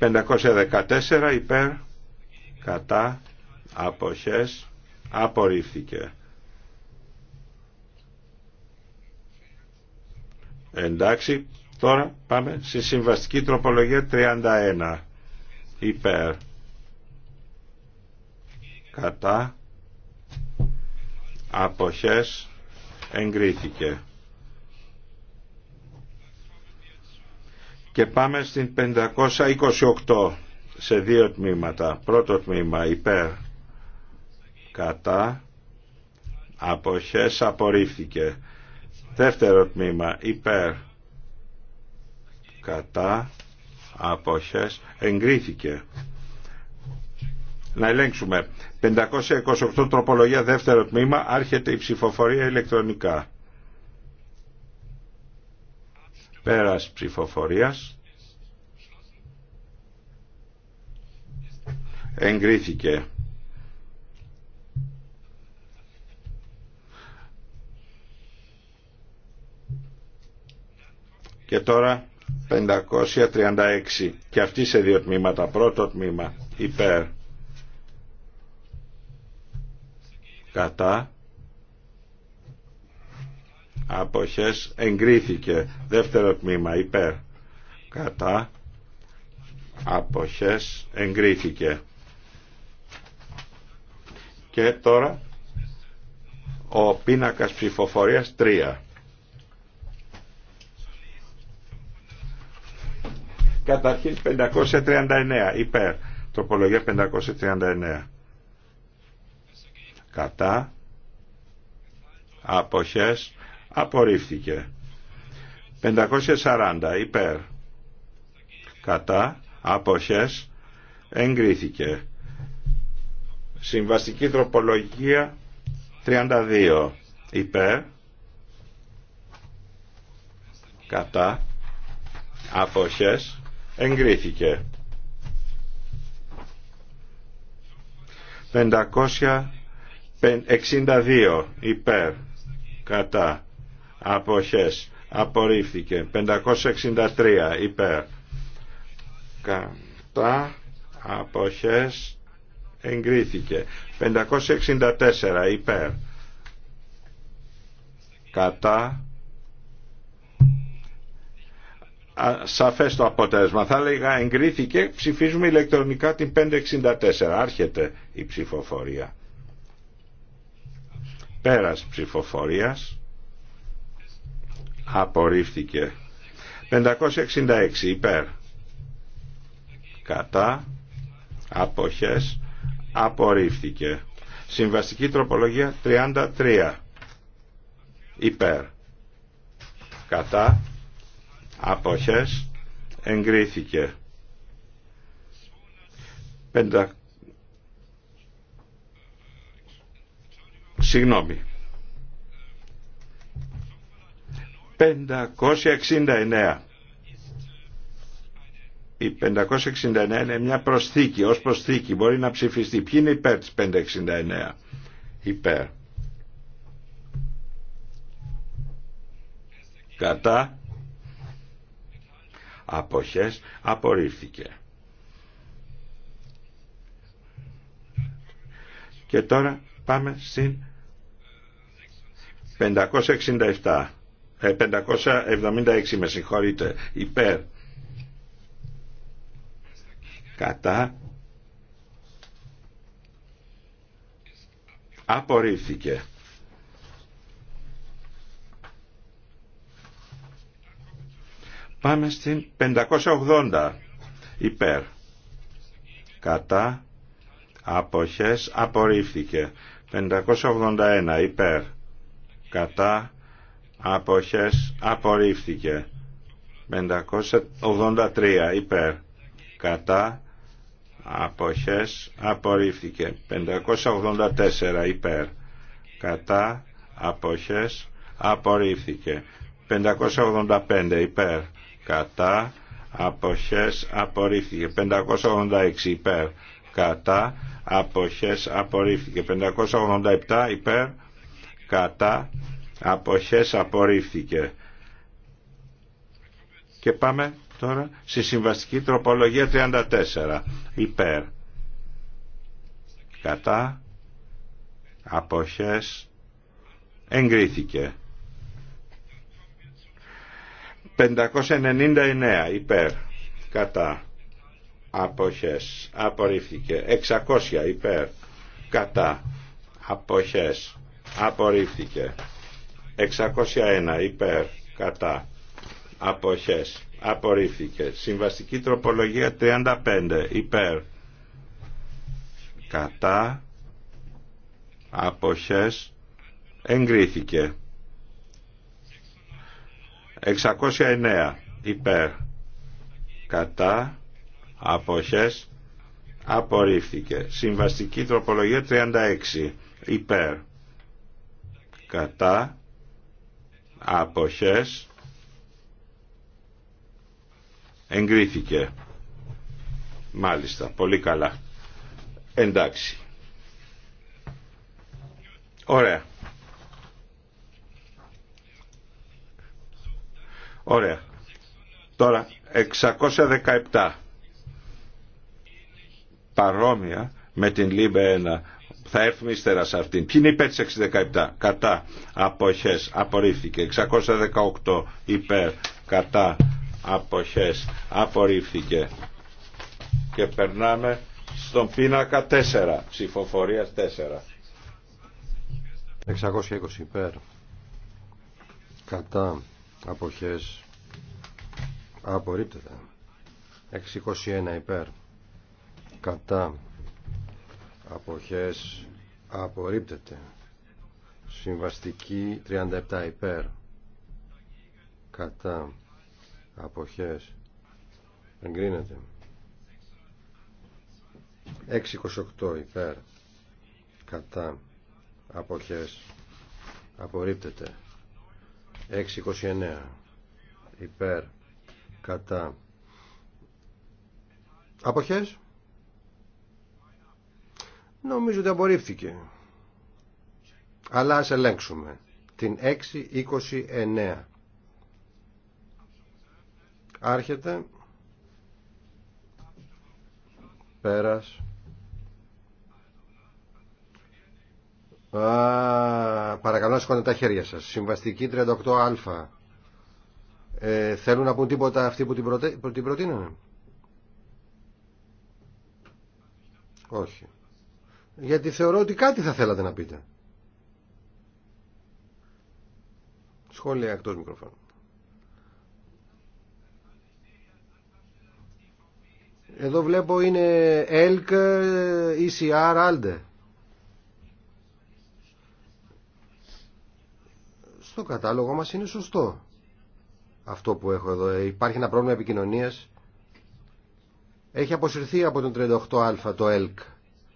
514 υπέρ κατά αποχές απορρίφθηκε. Εντάξει, τώρα πάμε στη συμβαστική τροπολογία 31 υπέρ κατά αποχές εγκρίθηκε. Και πάμε στην 528 σε δύο τμήματα. Πρώτο τμήμα υπέρ κατά αποχές απορρίφθηκε. Δεύτερο τμήμα υπέρ κατά αποχές εγκρίθηκε. Να ελέγξουμε. 528 τροπολογία δεύτερο τμήμα άρχεται η ψηφοφορία ηλεκτρονικά. Πέρας ψηφοφορίας. Εγκρίθηκε. Και τώρα 536 και αυτή σε δύο τμήματα. Πρώτο τμήμα υπέρ κατά αποχές εγκρίθηκε δεύτερο τμήμα υπέρ κατά αποχές εγκρίθηκε και τώρα ο πίνακας ψηφοφορίας 3 Καταρχήν 539 υπέρ. Τροπολογία 539. Κατά. Αποχές απορρίφθηκε. 540 υπέρ κατά αποχές εγκρίθηκε. Συμβαστική τροπολογία 32 υπέρ κατά αποχές εγκρίθηκε. 562 υπέρ κατά αποχές απορρίφθηκε 563 υπέρ κατά αποχές εγκρίθηκε 564 υπέρ κατά σαφές το αποτέλεσμα θα έλεγα εγκρίθηκε ψηφίζουμε ηλεκτρονικά την 564 άρχεται η ψηφοφορία πέρας ψηφοφορίας απορρίφθηκε 566 υπέρ κατά αποχές απορρίφθηκε συμβαστική τροπολογία 33 υπέρ κατά αποχές εγκρίθηκε 5 Συγγνώμη, 569. Η 569 είναι μια προσθήκη, ως προσθήκη μπορεί να ψηφιστεί. Ποιοι είναι υπέρ της 569. Υπέρ. Κατά. Αποχές. Απορρίφθηκε. Και τώρα πάμε στην 567. 576 ε, με συγχωρείτε υπέρ κατά απορρίφθηκε πάμε στην 580 υπέρ κατά αποχές απορρίφθηκε 581 υπέρ κατά αποχές απορρίφθηκε 583 υπέρ κατά αποχές απορρίφθηκε 584 υπέρ κατά αποχές απορρίφθηκε 585 υπέρ κατά αποχές απορρίφθηκε 586 υπέρ κατά αποχές απορρίφθηκε 587 υπέρ κατά αποχές απορρίφθηκε. Και πάμε τώρα στη συμβαστική τροπολογία 34. Υπέρ. Κατά. Αποχές. Εγκρίθηκε. 599 υπέρ. Κατά. Αποχές. Απορρίφθηκε. 600 υπέρ. Κατά. Αποχές. Απορρίφθηκε. 601 υπέρ κατά αποχές απορρίφθηκε συμβαστική τροπολογία 35 υπέρ κατά αποχές εγκρίθηκε 609 υπέρ κατά αποχές απορρίφθηκε συμβαστική τροπολογία 36 υπέρ κατά αποχές εγκρίθηκε μάλιστα πολύ καλά εντάξει ωραία ωραία τώρα 617 παρόμοια με την ΛΥΜΠΕΕΝΑ θα έρθουμε ύστερα σε αυτήν. Ποιοι είναι υπέρ τη 617. Κατά. Αποχές. Απορρίφθηκε. 618 υπέρ. Κατά. απόχέ Απορρίφθηκε. Και περνάμε στον πίνακα 4. Ψηφοφορία 4. 620 υπέρ. Κατά. Αποχές. Απορρίπτεται. 621 υπέρ. Κατά αποχές απορρίπτεται συμβαστική 37 υπέρ κατά αποχές εγκρίνεται 628 υπέρ κατά αποχές απορρίπτεται 629 υπέρ κατά αποχές Νομίζω ότι απορρίφθηκε. Αλλά ας ελέγξουμε. Την 6.29. Άρχεται. Πέρας. Α, παρακαλώ να σηκώνετε τα χέρια σας. Συμβαστική 38α. Ε, θέλουν να πούν τίποτα αυτοί που την, προτε... την προτείνανε. Όχι γιατί θεωρώ ότι κάτι θα θέλατε να πείτε. Σχόλια εκτός μικροφώνου. Εδώ βλέπω είναι ELK ECR, ALDE. Στο κατάλογο μας είναι σωστό αυτό που έχω εδώ. Υπάρχει ένα πρόβλημα επικοινωνίας. Έχει αποσυρθεί από τον 38α το ELK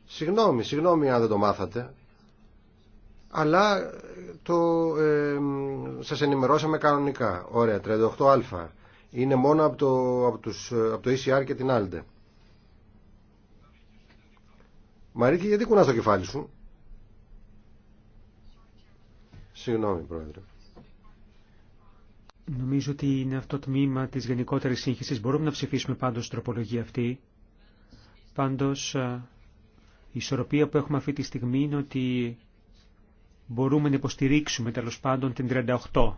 Συγγνώμη, συγγνώμη αν δεν το μάθατε, αλλά το, ε, σας ενημερώσαμε κανονικά. Ωραία, 38α. Είναι μόνο από το, από, τους, από το ECR και την ALDE. Μαρίκη, γιατί κουνάς το κεφάλι σου. Συγγνώμη, Πρόεδρε. Νομίζω ότι είναι αυτό το τμήμα της γενικότερης σύγχυσης. Μπορούμε να ψηφίσουμε πάντως τροπολογία αυτή. Πάντως, η ισορροπία που έχουμε αυτή τη στιγμή είναι ότι μπορούμε να υποστηρίξουμε τέλο πάντων την 38.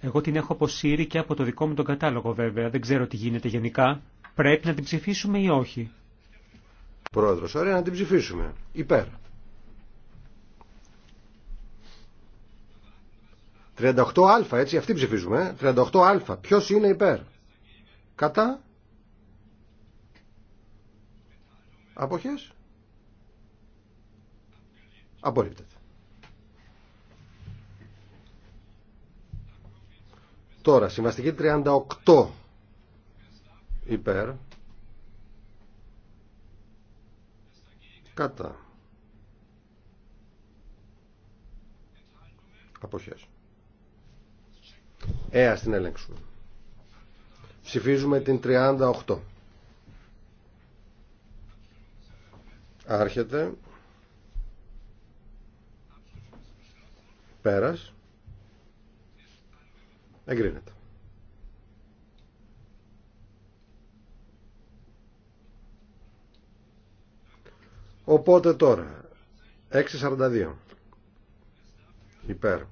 Εγώ την έχω αποσύρει και από το δικό μου τον κατάλογο βέβαια. Δεν ξέρω τι γίνεται γενικά. Πρέπει να την ψηφίσουμε ή όχι. Πρόεδρος, ωραία να την ψηφίσουμε. Υπέρ. 38α, έτσι, αυτή ψηφίζουμε. 38α. Ε. Ποιος είναι υπέρ. Κατά. Αποχές. Απορρίπτεται. Τώρα, σημαστική 38 υπέρ κατά αποχές. Ε, στην την ελέγξουμε. Ψηφίζουμε την 38. Άρχεται. Πέρας. Εγκρίνεται. Οπότε τώρα, 6.42. Υπέρ.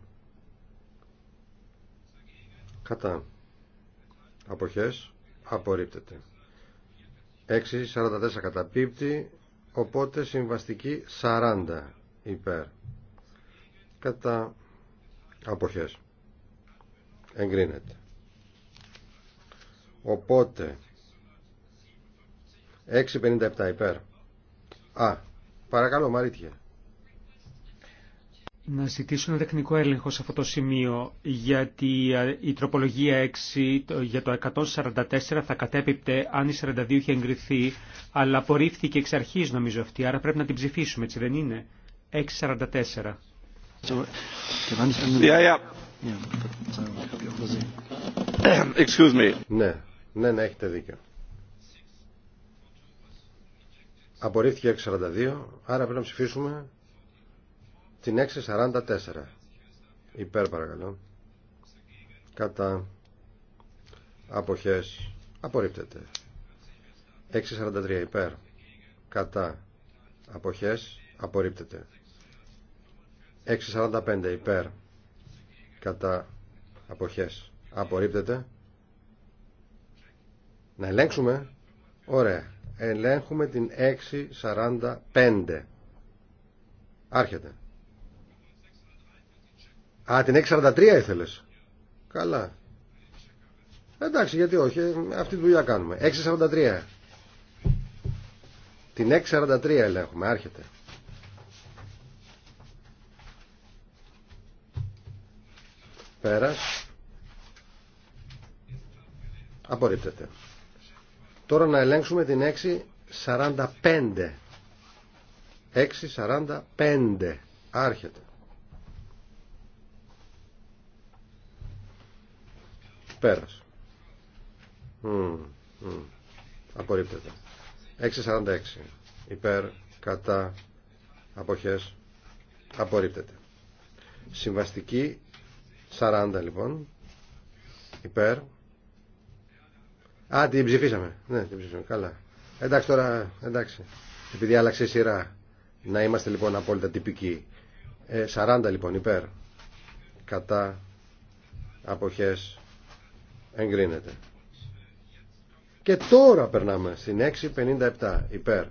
Κατά. Αποχές. Απορρίπτεται. 6.44 καταπίπτει, οπότε συμβαστική 40 υπέρ. Κατά αποχές εγκρίνεται οπότε 6.57 υπέρ α παρακαλώ Μαρίτια να ζητήσω ένα τεχνικό έλεγχο σε αυτό το σημείο, γιατί η τροπολογία 6 για το 144 θα κατέπιπτε αν η 42 είχε εγκριθεί, αλλά απορρίφθηκε εξ αρχής νομίζω αυτή, άρα πρέπει να την ψηφίσουμε, έτσι δεν είναι. 644. Ναι, ναι, ναι, έχετε δίκιο. Απορρίφθηκε 642, άρα πρέπει να ψηφίσουμε την 644. Υπέρ παρακαλώ. Κατά αποχές απορρίπτεται. 643 υπέρ. Κατά αποχές απορρίπτεται. 6.45 υπέρ κατά αποχές απορρίπτεται να ελέγξουμε ωραία ελέγχουμε την 6.45 άρχεται α την 6.43 ήθελες καλά εντάξει γιατί όχι αυτή τη δουλειά κάνουμε 6.43 την 6.43 ελέγχουμε άρχεται Πέρας. Απορρίπτεται. Τώρα να ελέγξουμε την 6.45. 6.45. Άρχεται. Πέρας. Mm, mm. Απορρίπτεται. 6.46. Υπέρ, κατά, αποχές. Απορρίπτεται. Συμβαστική 40 λοιπόν. Υπέρ. Α, την ψηφίσαμε. Ναι, την ψηφίσαμε. Καλά. Εντάξει τώρα, εντάξει. Επειδή άλλαξε η σειρά. Να είμαστε λοιπόν απόλυτα τυπικοί. Ε, 40 λοιπόν υπέρ. Κατά αποχές εγκρίνεται. Και τώρα περνάμε στην 6.57 υπέρ.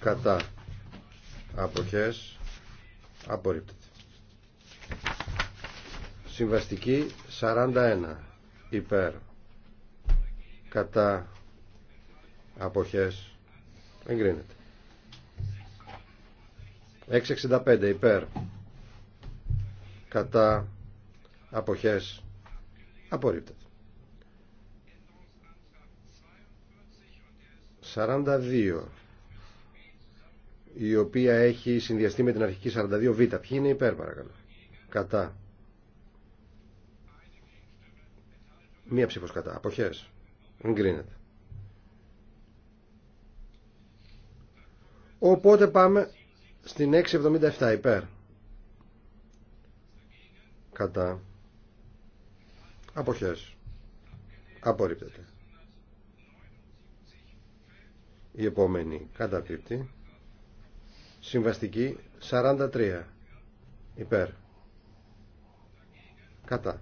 Κατά αποχές απορρίπτω. Συμβαστική 41 υπέρ κατά αποχές εγκρίνεται. 665 υπέρ κατά αποχές απορρίπτεται. 42 η οποία έχει συνδυαστεί με την αρχική 42β. Ποιοι είναι υπέρ παρακαλώ. Κατά. Μία ψήφος κατά. Αποχές. Εγκρίνεται. Οπότε πάμε στην 677 υπέρ. Κατά. Αποχές. Απορρίπτεται. Η επόμενη καταπίπτει. Συμβαστική 43 υπέρ. Κατά.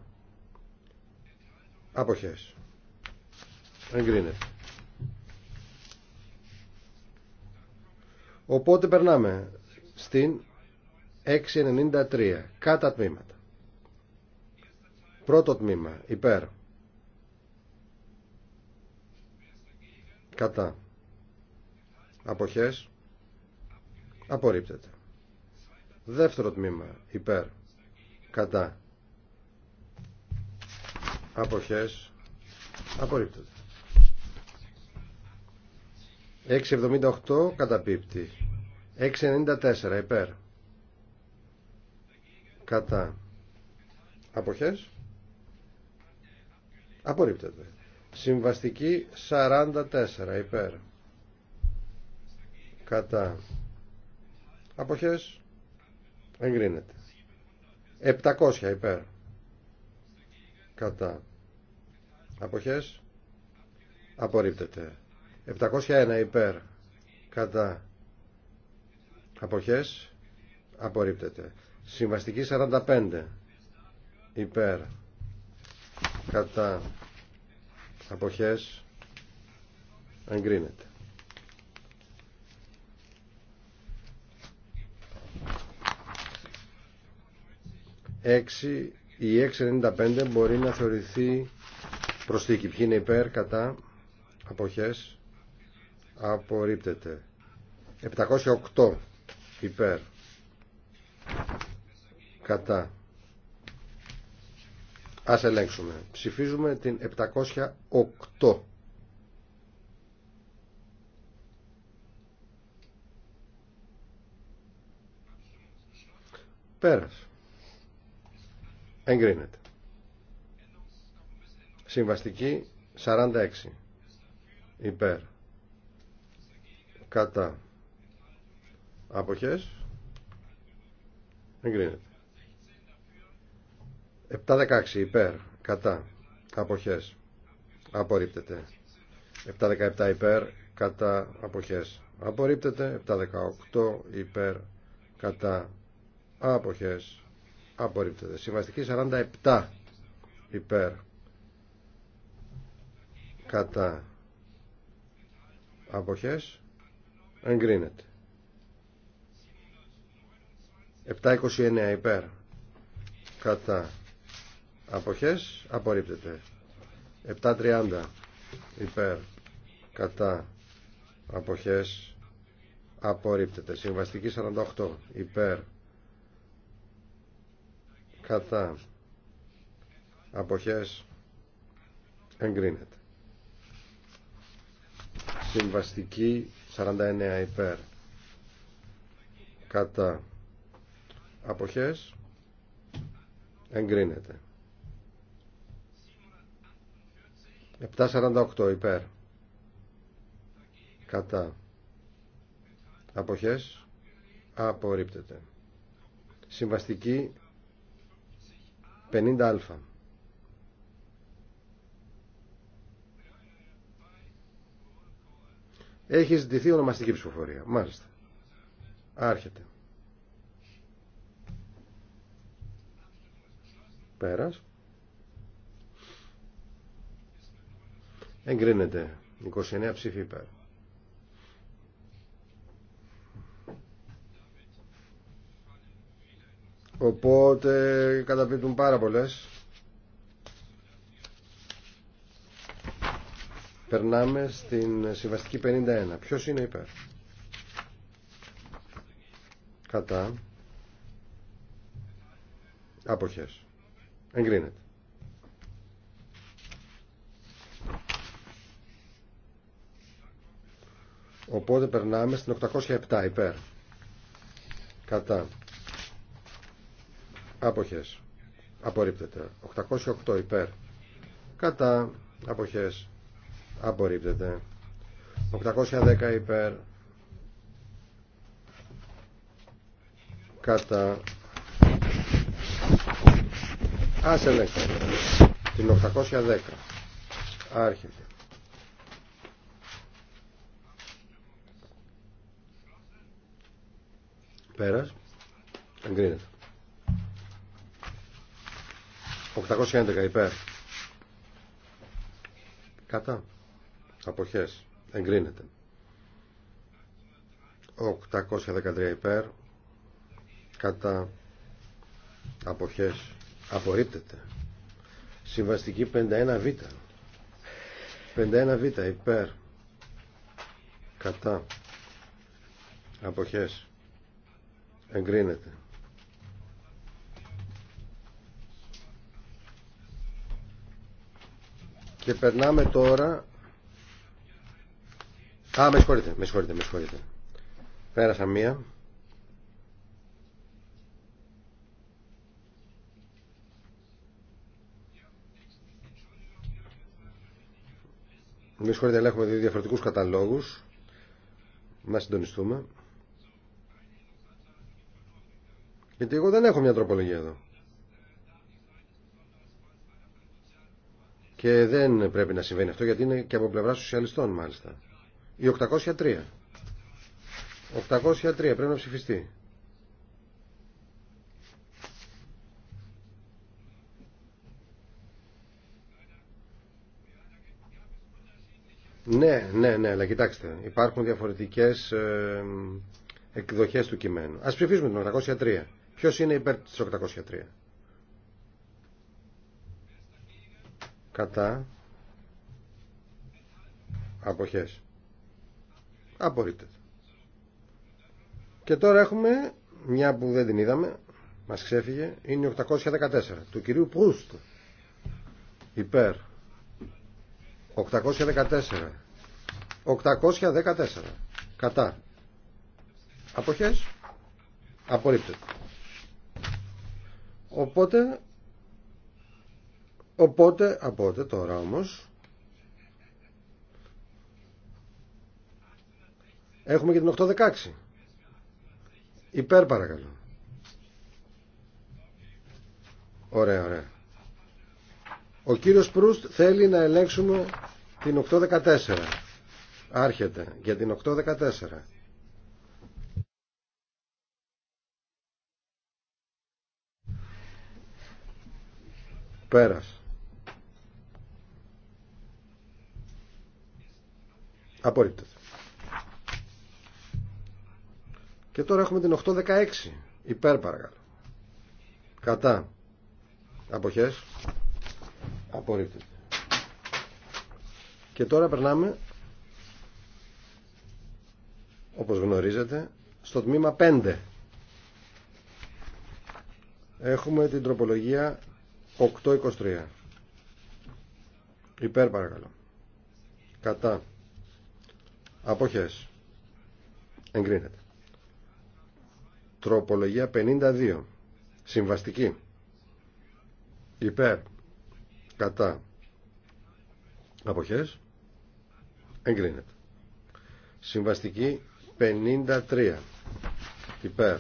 Αποχές. Εγκρίνεται. Οπότε περνάμε στην 693 κατά τμήματα. Πρώτο τμήμα υπέρ. Κατά. Αποχές. Απορρίπτεται. Δεύτερο τμήμα υπέρ. Κατά αποχές απορρίπτεται 678 καταπίπτει 694 υπέρ κατά αποχές απορρίπτεται συμβαστική 44 υπέρ κατά αποχές εγκρίνεται 700 υπέρ κατά αποχές απορρίπτεται 701 υπέρ κατά αποχές απορρίπτεται συμβαστική 45 υπέρ κατά αποχές εγκρίνεται έξι η 695 μπορεί να θεωρηθεί προσθήκη. Ποιοι είναι υπέρ, κατά, αποχές, απορρίπτεται. 708 υπέρ, κατά. Ας ελέγξουμε. Ψηφίζουμε την 708. Πέρασε. Εγκρίνεται. Συμβαστική 46. Υπέρ. Κατά. Αποχές. Εγκρίνεται. 7-16. Υπέρ. Κατά. Αποχές. 717 7-17. Υπέρ. Κατά. Αποχές. 718 7-18. Υπέρ. Κατά. Αποχές απορρίπτεται. Συμβαστική 47 υπέρ κατά αποχές εγκρίνεται. 729 υπέρ κατά αποχές απορρίπτεται. 730 υπέρ κατά αποχές απορρίπτεται. Συμβαστική 48 υπέρ κατά αποχές εγκρίνεται συμβαστική 49 υπέρ κατά αποχές εγκρίνεται 748 υπέρ κατά αποχές απορρίπτεται συμβαστική 50α. Έχει ζητηθεί ονομαστική ψηφοφορία. Μάλιστα. Άρχεται. Πέρας. Εγκρίνεται. 29 ψήφοι υπέρ. Οπότε καταπίπτουν πάρα πολλέ. Περνάμε στην συμβαστική 51. Ποιος είναι υπέρ. Κατά. Αποχές. Εγκρίνεται. Οπότε περνάμε στην 807 υπέρ. Κατά. Αποχές. Απορρίπτεται. 808 υπέρ. Κατά. Αποχές. Απορρίπτεται. 810 υπέρ. Κατά. Ας ελέγξουμε. Την 810. Άρχεται. Πέρας. Εγκρίνεται. 811 υπέρ. Κατά. Αποχές. Εγκρίνεται. 813 υπέρ. Κατά. Αποχές. Απορρίπτεται. Συμβαστική 51β. 51β υπέρ. Κατά. Αποχές. Εγκρίνεται. Και περνάμε τώρα... Α, με συγχωρείτε, με συγχωρείτε, με συγχωρείτε. Πέρασα μία. Με συγχωρείτε, αλλά έχουμε δύο διαφορετικούς καταλόγους. Να συντονιστούμε. Γιατί εγώ δεν έχω μια τροπολογία εδώ. Και δεν πρέπει να συμβαίνει αυτό γιατί είναι και από πλευρά σοσιαλιστών μάλιστα. Η 803. 803 πρέπει να ψηφιστεί. Ναι, ναι, ναι, αλλά κοιτάξτε, υπάρχουν διαφορετικές ε, εκδοχές του κειμένου. Ας ψηφίσουμε την 803. Ποιος είναι υπέρ της 803. κατά αποχές απορρίπτεται και τώρα έχουμε μια που δεν την είδαμε μας ξέφυγε είναι 814 του κυρίου Προύστ υπέρ 814 814 κατά αποχές απορρίπτεται οπότε Οπότε, απότε τώρα όμως, έχουμε και την 816. Υπέρ παρακαλώ. Ωραία, ωραία. Ο κύριος Προύστ θέλει να ελέγξουμε την 814. Άρχεται για την 814. Πέρας. Απορρίπτεται. Και τώρα έχουμε την 816. Υπέρ παρακαλώ. Κατά. Αποχές. Απορρίπτεται. Και τώρα περνάμε, όπως γνωρίζετε, στο τμήμα 5. Έχουμε την τροπολογία 823. Υπέρ παρακαλώ. Κατά. Αποχές. Εγκρίνεται. Τροπολογία 52. Συμβαστική. Υπέρ. Κατά. Αποχές. Εγκρίνεται. Συμβαστική 53. Υπέρ.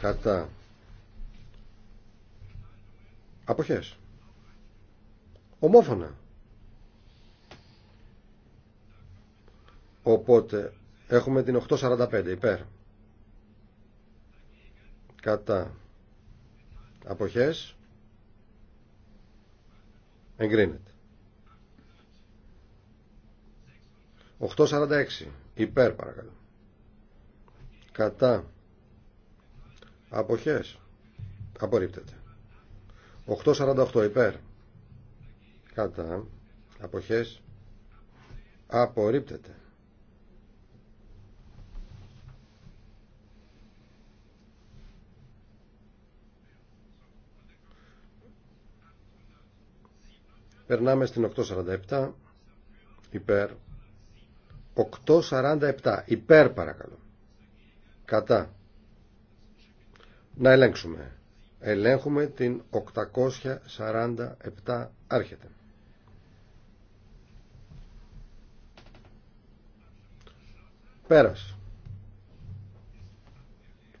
Κατά. Αποχές. Ομόφωνα. Οπότε έχουμε την 845 υπέρ. Κατά. Αποχές. Εγκρίνεται. 846 υπέρ παρακαλώ. Κατά. Αποχές. Απορρίπτεται. 848 υπέρ. Κατά. Αποχές. Απορρίπτεται. Περνάμε στην 847 υπέρ 847 υπέρ παρακαλώ κατά να ελέγξουμε ελέγχουμε την 847 άρχεται πέρας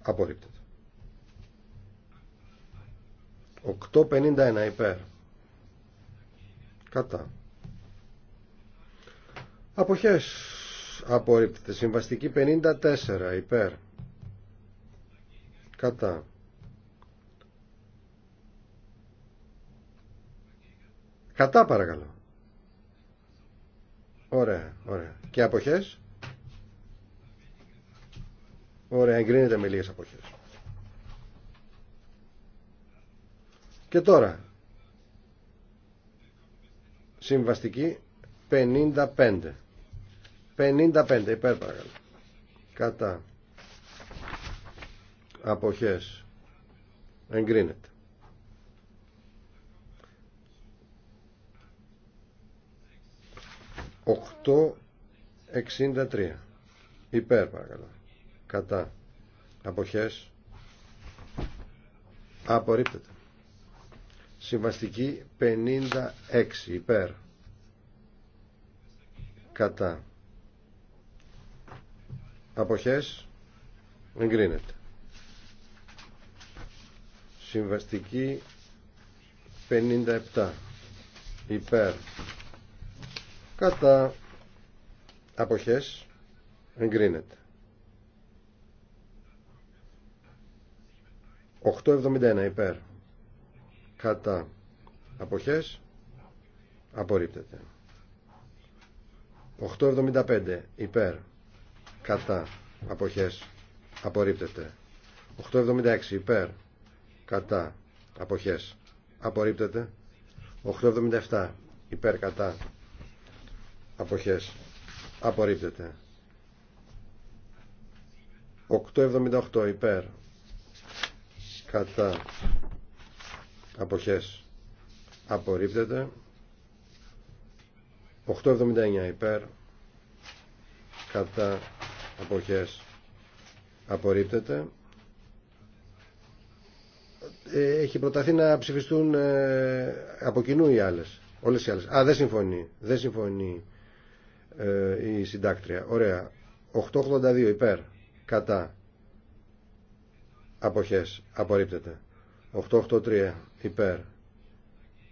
απορρίπτεται 851 υπέρ κατά αποχές απορρίπτεται συμβαστική 54 υπέρ κατά κατά παρακαλώ ωραία ωραία και αποχές ωραία εγκρίνεται με λίγες αποχές και τώρα Συμβαστική 55. 55 υπέρ παρακαλώ. Κατά. Αποχές. Εγκρίνεται. Οκτώ 63. Υπέρ παρακαλώ. Κατά. Αποχές. Απορρίπτεται. Συμβαστική 56 υπέρ. Κατά. Αποχές. Εγκρίνεται. Συμβαστική 57 υπέρ. Κατά. Αποχές. Εγκρίνεται. 871 υπέρ κατά αποχές απορρίπτεται 875 υπέρ κατά αποχές απορρίπτεται 876 υπέρ κατά αποχές απορρίπτεται 877 υπέρ κατά αποχές απορρίπτεται 878 υπέρ κατά αποχές απορρίπτεται 879 υπέρ κατά αποχές απορρίπτεται ε, έχει προταθεί να ψηφιστούν ε, από κοινού οι άλλες όλες οι άλλες α δεν συμφωνεί δεν συμφωνεί ε, η συντάκτρια ωραία 882 υπέρ κατά αποχές απορρίπτεται 883 υπέρ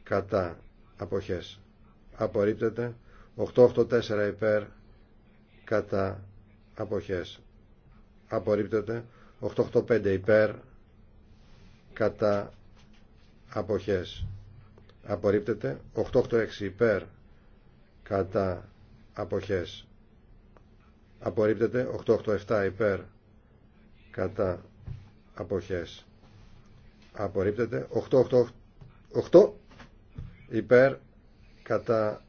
κατά αποχές απορρίπτεται 884 υπέρ κατά αποχές απορρίπτεται 885 υπέρ κατά αποχές απορρίπτεται 886 υπέρ κατά αποχές απορρίπτεται 887 υπέρ κατά αποχές απορρίπτεται 888 υπέρ κατά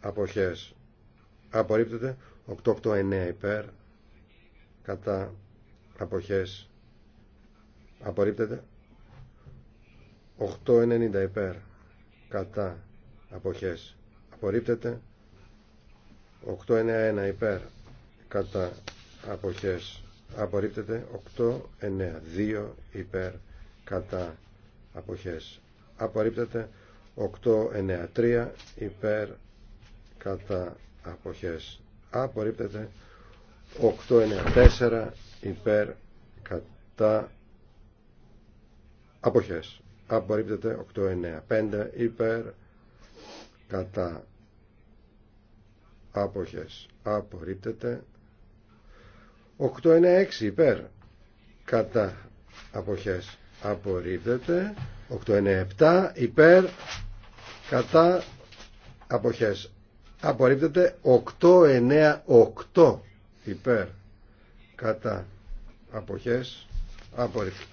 αποχές απορρίπτεται 889 υπέρ κατά αποχές απορρίπτεται 890 υπέρ κατά αποχές απορρίπτεται 891 υπέρ κατά αποχές απορρίπτεται 892 υπέρ Κατά αποχέ απορρίπτεται. 8-9-3 υπέρ κατά αποχέ απορρίπτεται. 8-9-4 υπέρ κατά αποχέ απορρίπτεται. 8-9-5 υπέρ κατά αποχέ απορρίπτεται. 8-9-6 υπέρ κατά αποχέ απορρίπτεται 897 υπέρ κατά αποχές απορρίπτεται 898 υπέρ κατά αποχές απορρίπτεται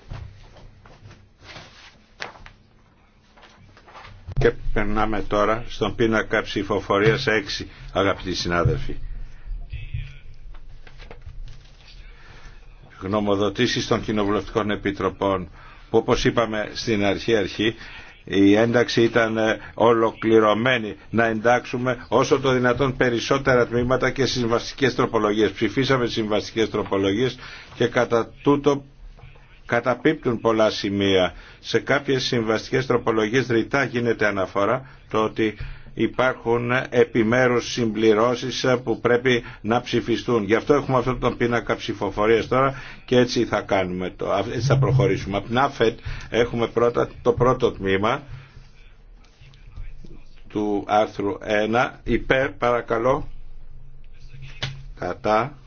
Και περνάμε τώρα στον πίνακα ψηφοφορίας 6 αγαπητοί συνάδελφοι γνωμοδοτήσεις των κοινοβουλευτικών επιτροπών που όπως είπαμε στην αρχή αρχή η ένταξη ήταν ε, ολοκληρωμένη να εντάξουμε όσο το δυνατόν περισσότερα τμήματα και συμβαστικές τροπολογίες. Ψηφίσαμε συμβαστικές τροπολογίες και κατά τούτο καταπίπτουν πολλά σημεία. Σε κάποιες συμβαστικές τροπολογίες ρητά γίνεται αναφορά το ότι υπάρχουν επιμέρους συμπληρώσεις που πρέπει να ψηφιστούν. Γι' αυτό έχουμε αυτό τον πίνακα ψηφοφορίας τώρα και έτσι θα κάνουμε το, έτσι θα προχωρήσουμε. Από την ΑΦΕΤ έχουμε πρώτα το πρώτο τμήμα του άρθρου 1 υπέρ παρακαλώ κατά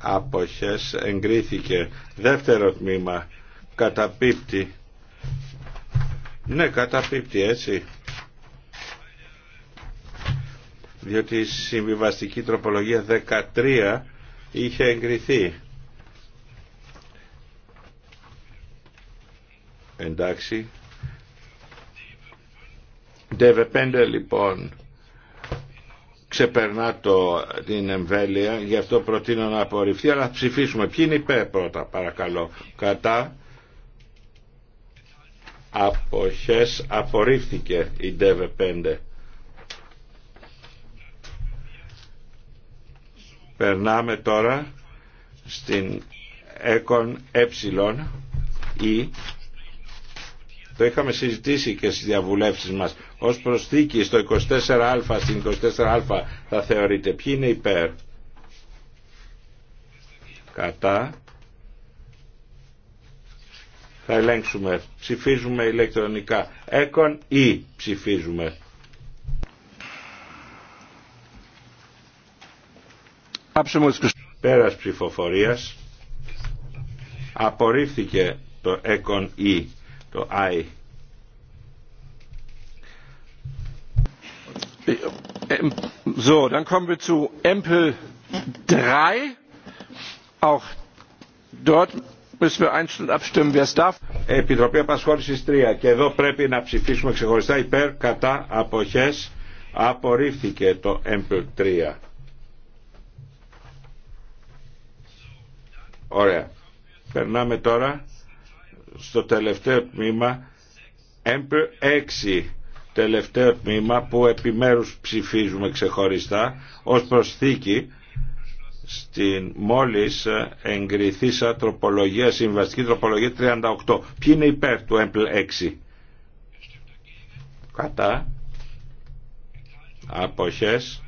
αποχές εγκρίθηκε δεύτερο τμήμα καταπίπτει ναι καταπίπτει έτσι διότι η συμβιβαστική τροπολογία 13 είχε εγκριθεί. ΔΕΒΕΠΕΝΤΕ ΔΕΒΕ5 λοιπόν ξεπερνά το, την εμβέλεια, γι' αυτό προτείνω να απορριφθεί, αλλά ψηφίσουμε. Ποιοι είναι πρώτα, παρακαλώ. Κατά αποχές απορρίφθηκε η ΔΕΒΕ5. Περνάμε τώρα στην έκον ε ή το είχαμε συζητήσει και στις διαβουλεύσεις μας ως προσθήκη στο 24α στην 24α θα θεωρείτε ποιοι είναι υπέρ κατά θα ελέγξουμε ψηφίζουμε ηλεκτρονικά έκον ή ψηφίζουμε Πέρας ψηφοφορίας απορρίφθηκε το ΕΚΟΝ ή e, το I. So, dann kommen wir zu Empel 3. Auch dort müssen wir einzeln abstimmen, wer es darf. Επιτροπή Απασχόλησης 3. Και εδώ πρέπει να ψηφίσουμε ξεχωριστά υπέρ, κατά, αποχές. Απορρίφθηκε το Empel 3. Ωραία. Περνάμε τώρα στο τελευταίο τμήμα Εμπλ 6 τελευταίο τμήμα που επιμέρους ψηφίζουμε ξεχωριστά ως προσθήκη στην μόλις εγκριθήσα τροπολογία, συμβαστική τροπολογία 38. Ποιοι είναι υπέρ του ΕΜΠΛ 6. Κατά. Αποχές.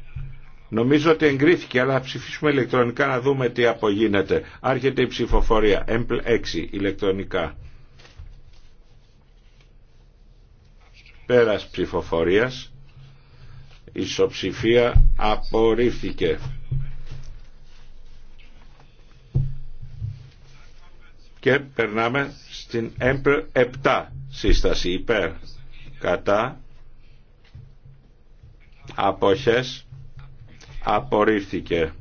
Νομίζω ότι εγκρίθηκε, αλλά ψηφίσουμε ηλεκτρονικά να δούμε τι απογίνεται. Άρχεται η ψηφοφορία. ΕΜΠΛ 6 ηλεκτρονικά. Πέρας ψηφοφορίας. Η ισοψηφία απορρίφθηκε. Και περνάμε στην ΕΜΠΛ 7 σύσταση υπέρ κατά αποχές απορρίφθηκε.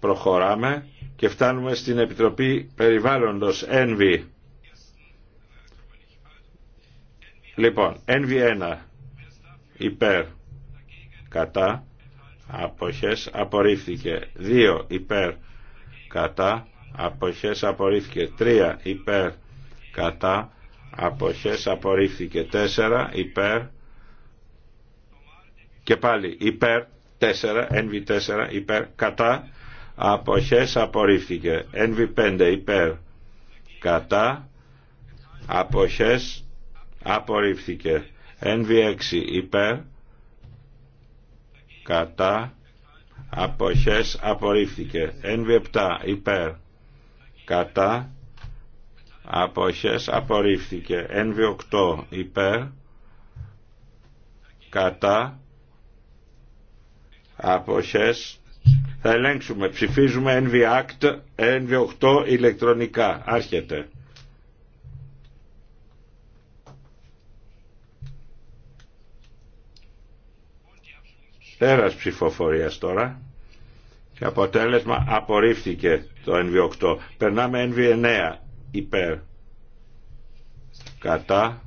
Προχωράμε και φτάνουμε στην Επιτροπή Περιβάλλοντος, ΕΝΒΙ. Λοιπόν, ΕΝΒΙ 1, υπέρ, κατά, αποχές, απορρίφθηκε. 2, υπέρ, κατά, αποχές, απορρίφθηκε. 3, υπέρ, κατά, αποχές, απορρίφθηκε. 4, υπέρ, και πάλι υπέρ 4, NV4 υπέρ κατά αποχές απορρίφθηκε. NV5 υπέρ κατά αποχές απορρίφθηκε. NV6 υπέρ κατά αποχές απορρίφθηκε. NV7 υπέρ κατά αποχές απορρίφθηκε. NV8 υπέρ κατά αποχές θα ελέγξουμε. Ψηφίζουμε Act NV8 ηλεκτρονικά. Άρχεται. Τέρας ψηφοφορίας τώρα. Και αποτέλεσμα απορρίφθηκε το NV8. Περνάμε NV9 υπέρ. Κατά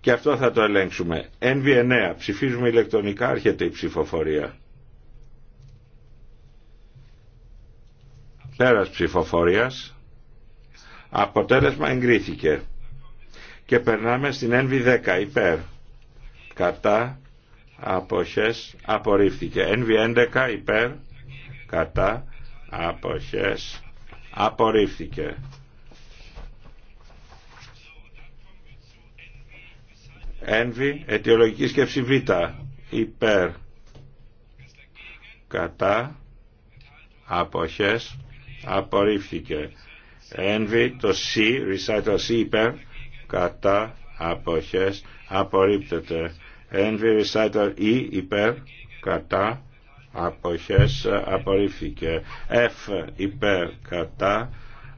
Και αυτό θα το ελέγξουμε. NV9. Ψηφίζουμε ηλεκτρονικά. Άρχεται η ψηφοφορία. Πέρας ψηφοφορίας. Αποτέλεσμα εγκρίθηκε. Και περνάμε στην NV10. Υπέρ. Κατά. Αποχές. Απορρίφθηκε. NV11. Υπέρ. Κατά. Αποχές. Απορρίφθηκε. Ένβη, αιτιολογική σκέψη Β, υπέρ, κατά, αποχές, απορρίφθηκε. Ένβη, το C, recital C, υπέρ, κατά, αποχές, απορρίπτεται. Ένβη, recital E, υπέρ, κατά, αποχές, απορρίφθηκε. F, υπέρ, κατά,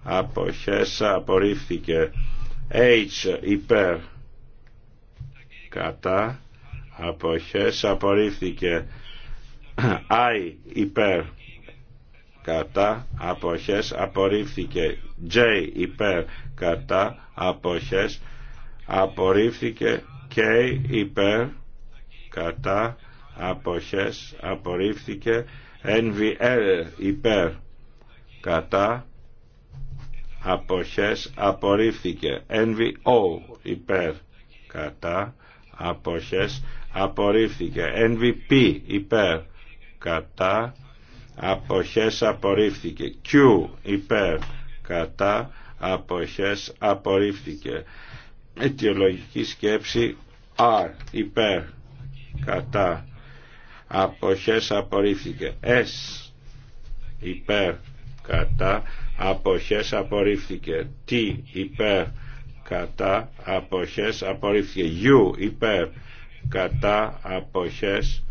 αποχές, απορρίφθηκε. H, υπέρ, κατά αποχές απορρίφθηκε I υπέρ κατά αποχές απορρίφθηκε J υπέρ κατά αποχές απορρίφθηκε K υπέρ κατά αποχές απορρίφθηκε NVL ε. υπέρ κατά αποχές απορρίφθηκε NVO υπέρ κατά αποχές απορρίφθηκε NVP υπέρ κατά αποχές απορρίφθηκε Q υπέρ κατά αποχές απορρίφθηκε αιτιολογική σκέψη R υπέρ κατά αποχές απορρίφθηκε S υπέρ κατά αποχές απορρίφθηκε T υπέρ κατά αποχές απορρίφθηκε U υπέρ κατά αποχές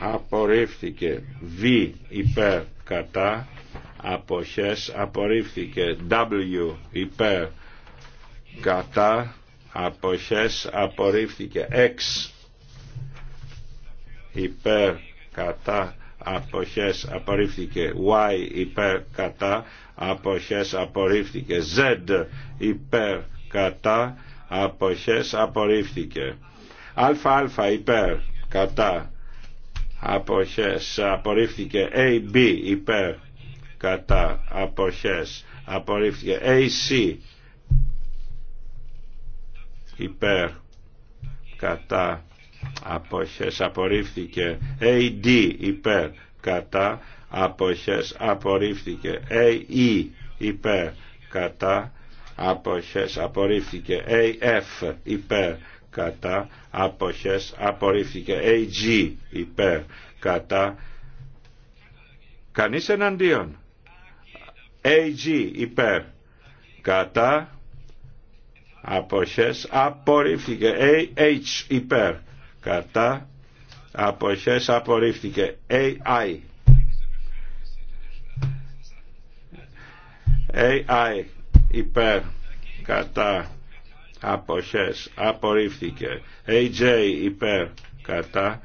απορρίφθηκε Β υπέρ κατά αποχές απορρίφθηκε W υπέρ κατά αποχές απορρίφθηκε X υπέρ κατά αποχές απορρίφθηκε Y υπέρ κατά αποχές απορρίφθηκε. Z υπέρ κατά αποχές απορρίφθηκε. α υπέρ κατά αποχές απορρίφθηκε. AB υπέρ κατά αποχές απορρίφθηκε. AC υπέρ κατά αποχές απορρίφθηκε. AD υπέρ κατά αποχές απορρίφθηκε AE ε, υπέρ κατά αποχές απορρίφθηκε AF ε, υπέρ κατά αποχές απορρίφθηκε G ε, υπέρ κατά κανείς εναντίον AG υπέρ κατά αποχές απορρίφθηκε AH υπέρ κατά αποχές απορρίφθηκε AI AI υπέρ κατά αποχές απορρίφθηκε AJ υπέρ κατά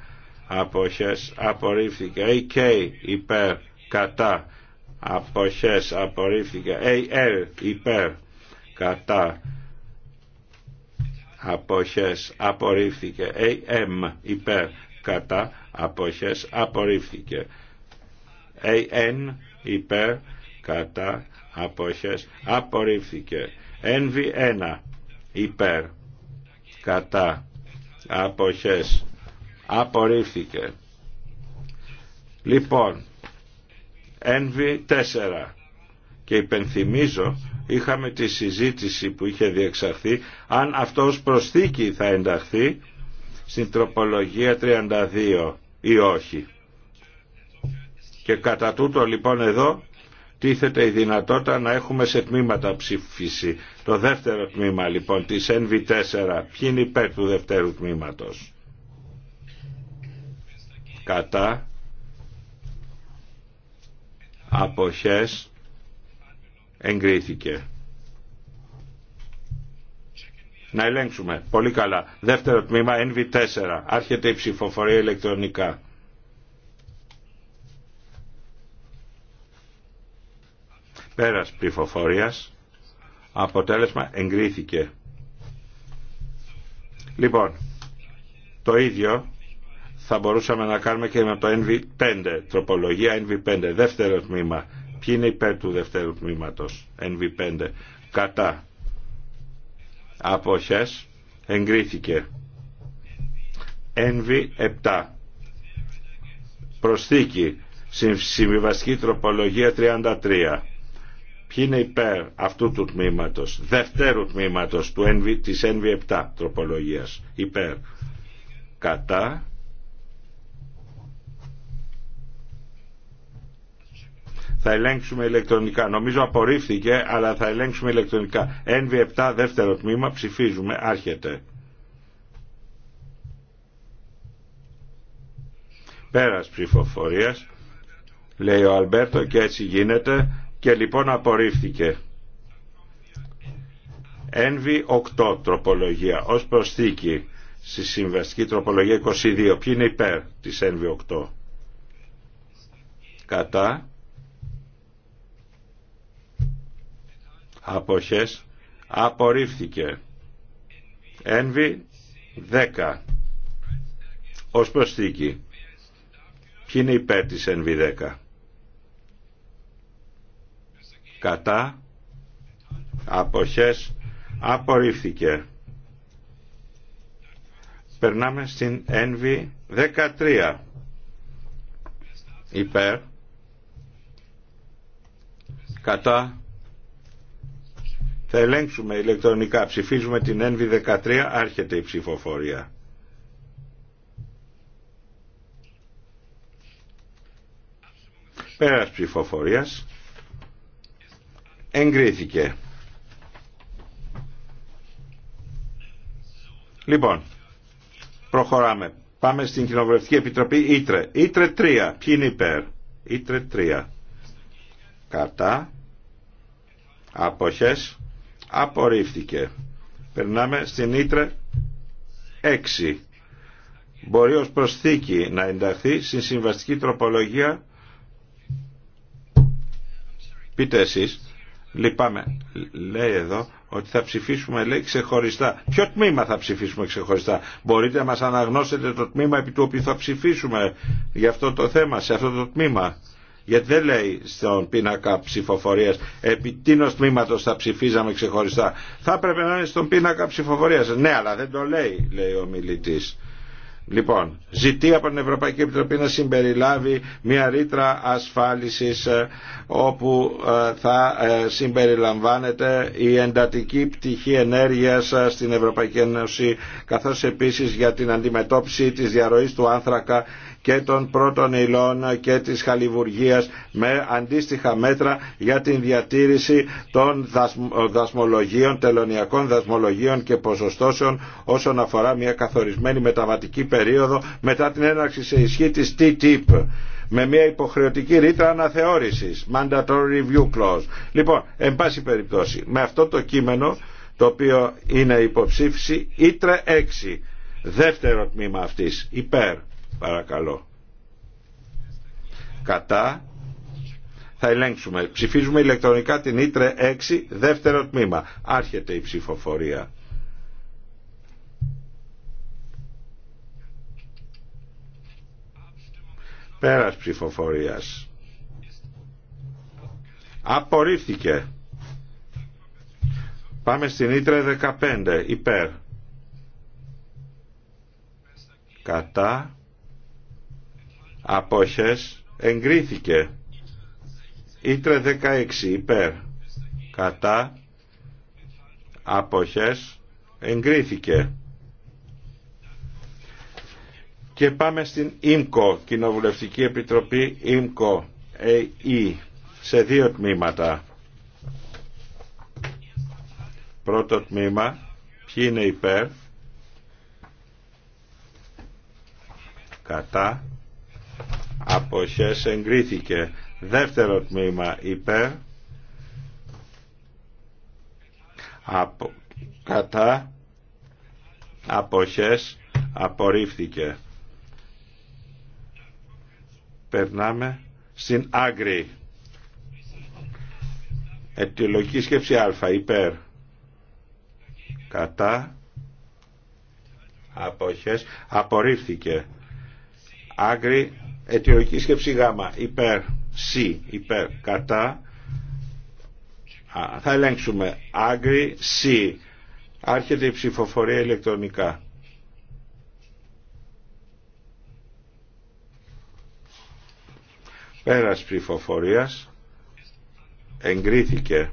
αποχές απορρίφθηκε AK υπέρ κατά αποχές απορρίφθηκε AL υπέρ κατά αποχές απορρίφθηκε AM υπέρ κατά αποχές απορρίφθηκε AN υπέρ κατά αποχές απορρίφθηκε NV1 υπέρ κατά αποχές απορρίφθηκε λοιπόν NV4 και υπενθυμίζω είχαμε τη συζήτηση που είχε διεξαχθεί αν αυτό προσθήκη θα ενταχθεί στην τροπολογία 32 ή όχι και κατά τούτο λοιπόν εδώ τίθεται η δυνατότητα να έχουμε σε τμήματα ψήφιση. Το δεύτερο τμήμα λοιπόν της NV4. Ποιοι είναι υπέρ του δεύτερου τμήματος. Κατά. Αποχές. Εγκρίθηκε. Να ελέγξουμε. Πολύ καλά. Δεύτερο τμήμα NV4. Άρχεται η ψηφοφορία ηλεκτρονικά. Πέρας ψηφοφορίας. Αποτέλεσμα εγκρίθηκε. Λοιπόν, το ίδιο θα μπορούσαμε να κάνουμε και με το NV5, τροπολογία NV5, δεύτερο τμήμα. Ποιοι είναι υπέρ του δεύτερου τμήματος, NV5, κατά αποχές, εγκρίθηκε. NV7, προσθήκη, συμβιβαστική τροπολογία 33 είναι υπέρ αυτού του τμήματος, δευτέρου τμήματος του NV, της NV7 τροπολογίας. Υπέρ. Κατά. Θα ελέγξουμε ηλεκτρονικά. Νομίζω απορρίφθηκε, αλλά θα ελέγξουμε ηλεκτρονικά. NV7 δεύτερο τμήμα ψηφίζουμε. Άρχεται. Πέρας ψηφοφορίας. Λέει ο Αλμπέρτο και έτσι γίνεται και λοιπόν απορρίφθηκε. Ένβη 8 τροπολογία ως προσθήκη στη συμβαστική τροπολογία 22. Ποιοι είναι υπέρ της Ένβη 8. Κατά. Αποχές. Απορρίφθηκε. Ένβη 10 ως προσθήκη. Ποιοι είναι υπέρ της NV10 κατά αποχές απορρίφθηκε περνάμε στην ένβη 13 υπέρ κατά θα ελέγξουμε ηλεκτρονικά ψηφίζουμε την ένβη 13 άρχεται η ψηφοφορία πέρας ψηφοφορίας εγκρίθηκε. Λοιπόν, προχωράμε. Πάμε στην Κοινοβουλευτική Επιτροπή Ήτρε. Ήτρε 3. Ποιοι είναι υπέρ. Ήτρε 3. Κατά. Αποχές. Απορρίφθηκε. Περνάμε στην Ήτρε 6. Μπορεί ως προσθήκη να ενταχθεί στην συμβαστική τροπολογία. Πείτε εσείς. Λυπάμαι. Λέει εδώ ότι θα ψηφίσουμε λέει ξεχωριστά. Ποιο τμήμα θα ψηφίσουμε ξεχωριστά. Μπορείτε να μας αναγνώσετε το τμήμα επί του οποίου θα ψηφίσουμε για αυτό το θέμα, σε αυτό το τμήμα. Γιατί δεν λέει στον πίνακα ψηφοφορία επί τίνο τμήματο θα ψηφίζαμε ξεχωριστά. Θα έπρεπε να είναι στον πίνακα ψηφοφορία. Ναι, αλλά δεν το λέει, λέει ο μιλητή. Λοιπόν, ζητεί από την Ευρωπαϊκή Επιτροπή να συμπεριλάβει μια ρήτρα ασφάλισης ε, όπου ε, θα ε, συμπεριλαμβάνεται η εντατική πτυχή ενέργειας στην Ευρωπαϊκή Ένωση καθώς επίσης για την αντιμετώπιση της διαρροής του άνθρακα και των πρώτων υλών και της χαλιβουργίας με αντίστοιχα μέτρα για την διατήρηση των δασμολογίων, τελωνιακών δασμολογίων και ποσοστώσεων όσον αφορά μια καθορισμένη μεταβατική περίοδο μετά την έναρξη σε ισχύ της TTIP με μια υποχρεωτική ρήτρα αναθεώρησης, mandatory review clause. Λοιπόν, εν πάση περιπτώσει, με αυτό το κείμενο το οποίο είναι υποψήφιση, ήτρε 6, δεύτερο τμήμα αυτής, υπέρ Παρακαλώ. Κατά. Θα ελέγξουμε. Ψηφίζουμε ηλεκτρονικά την Ήτρε 6, δεύτερο τμήμα. Άρχεται η ψηφοφορία. Πέρας ψηφοφορίας. Απορρίφθηκε. Πάμε στην Ήτρε 15, υπέρ. Κατά απόχες εγκρίθηκε ήτρε 16 υπέρ κατά απόχες εγκρίθηκε και πάμε στην ΙΜΚΟ Κοινοβουλευτική Επιτροπή ΙΜΚΟ ΑΕ, σε δύο τμήματα πρώτο τμήμα ποιοι είναι υπέρ κατά αποχές εγκρίθηκε δεύτερο τμήμα υπέρ κατά αποχές απορρίφθηκε περνάμε στην άγκρη αιτιολογική σκέψη α υπέρ κατά αποχές απορρίφθηκε άγκρη Αιτιολογική σκέψη Γ υπέρ Σ υπέρ κατά θα ελέγξουμε άγκρι Σ άρχεται η ψηφοφορία ηλεκτρονικά πέρας ψηφοφορίας εγκρίθηκε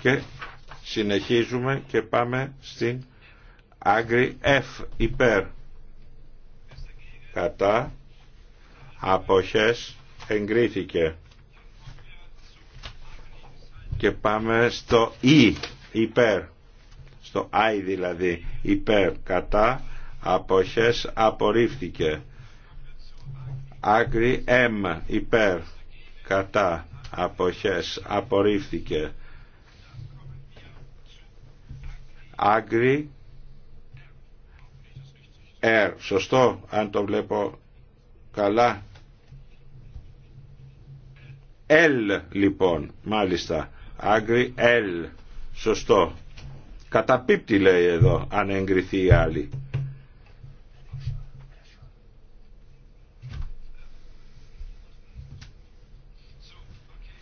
και συνεχίζουμε και πάμε στην άγρι F υπέρ κατά αποχές εγκρίθηκε και πάμε στο Ι e, υπέρ στο I δηλαδή υπέρ κατά αποχές απορρίφθηκε άγρι M υπέρ κατά αποχές απορρίφθηκε άγρι Air. Ε, σωστό, αν το βλέπω καλά. L λοιπόν, μάλιστα. Άγκρι L. Σωστό. Καταπίπτει λέει εδώ, αν εγκριθεί η άλλη.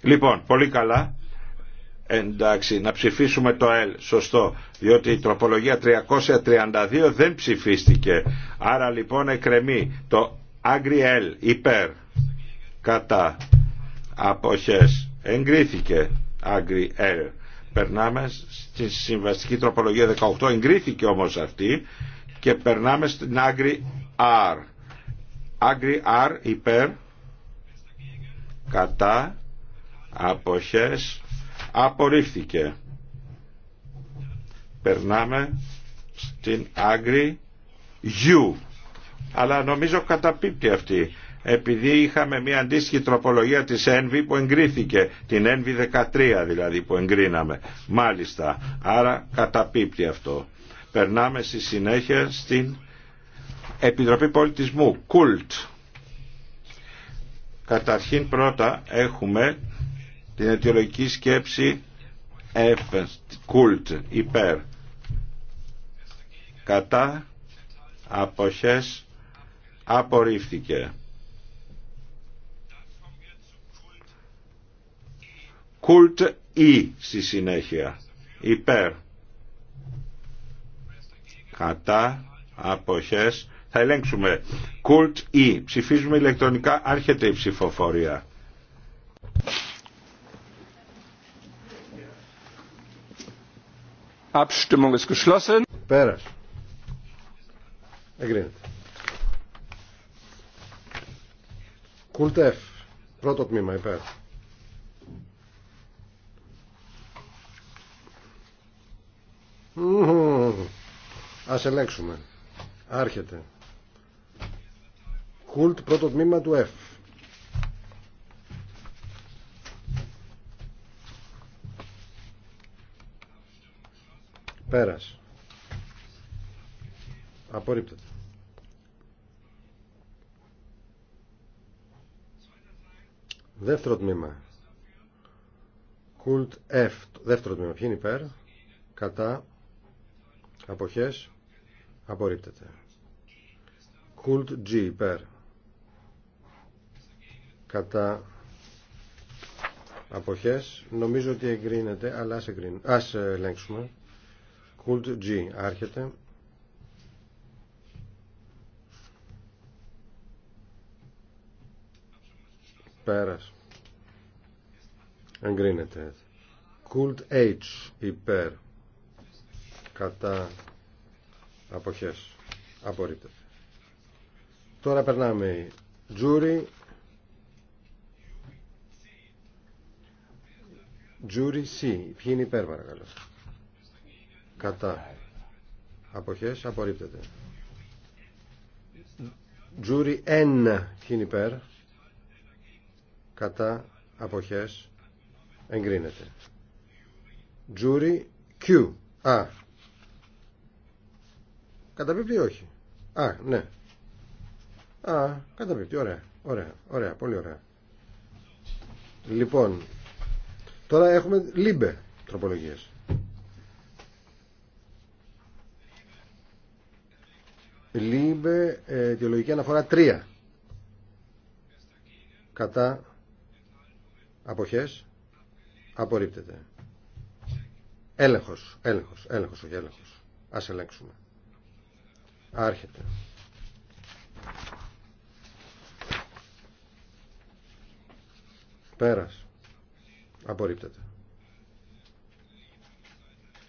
Λοιπόν, πολύ καλά. Εντάξει, να ψηφίσουμε το L, σωστό, διότι η τροπολογία 332 δεν ψηφίστηκε. Άρα λοιπόν εκκρεμεί το Άγκρι l υπέρ, κατά, αποχές, εγκρίθηκε Άγκρι ΕΛ. Περνάμε στη συμβαστική τροπολογία 18, εγκρίθηκε όμως αυτή και περνάμε στην Άγκρι R. Άγκρι R, υπέρ, κατά, αποχές, Απορρίφθηκε. Περνάμε στην άγκρη γιου. Αλλά νομίζω καταπίπτει αυτή. Επειδή είχαμε μια αντίστοιχη τροπολογία της ΕΝΒΗ που εγκρίθηκε. Την ΕΝΒΗ 13 δηλαδή που εγκρίναμε. Μάλιστα. Άρα καταπίπτει αυτό. Περνάμε στη συνέχεια στην Επιτροπή Πολιτισμού. Κουλτ. Καταρχήν πρώτα έχουμε την αιτιολογική σκέψη F, κουλτ, υπέρ. Κατά αποχές απορρίφθηκε. Κουλτ Ή στη συνέχεια. Υπέρ. Κατά αποχές θα ελέγξουμε. Κουλτ Ή. Ψηφίζουμε ηλεκτρονικά. Άρχεται η ψηφοφορία. Abstimmung ist geschlossen. Πέρας. Εγκρίνεται. Κουλτ F. Πρώτο τμήμα υπέρ. Ας ελέγξουμε. Άρχεται. Κουλτ πρώτο τμήμα του F. Πέρας. Απορρίπτεται. Δεύτερο τμήμα. Κουλτ F. Δεύτερο τμήμα. Ποιο είναι υπέρ. Κατά. Αποχές. Απορρίπτεται. Κουλτ G. Υπέρ. Κατά. Αποχές. Νομίζω ότι εγκρίνεται, αλλά ας, ας ελέγξουμε. Κουλτ G άρχεται. Πέρας. Εγκρίνεται. Κουλτ H υπέρ. Κατά αποχές. Απορρίπτεται. Τώρα περνάμε Τζούρι Τζούρι C Ποιοι είναι υπέρ παρακαλώ κατά αποχές απορρίπτεται Τζούρι N χινιπέρ κατά αποχές εγκρίνεται Τζούρι Q Α Καταπίπτει όχι Α ναι Α καταπίπτει ωραία Ωραία, ωραία, πολύ ωραία Λοιπόν Τώρα έχουμε λίμπε τροπολογίες Λίμπε, ε, αιτιολογική αναφορά 3. Κατά αποχές απορρίπτεται. Έλεγχος, έλεγχος, έλεγχος, όχι έλεγχος. Ας ελέγξουμε. Άρχεται. Πέρας. Απορρίπτεται.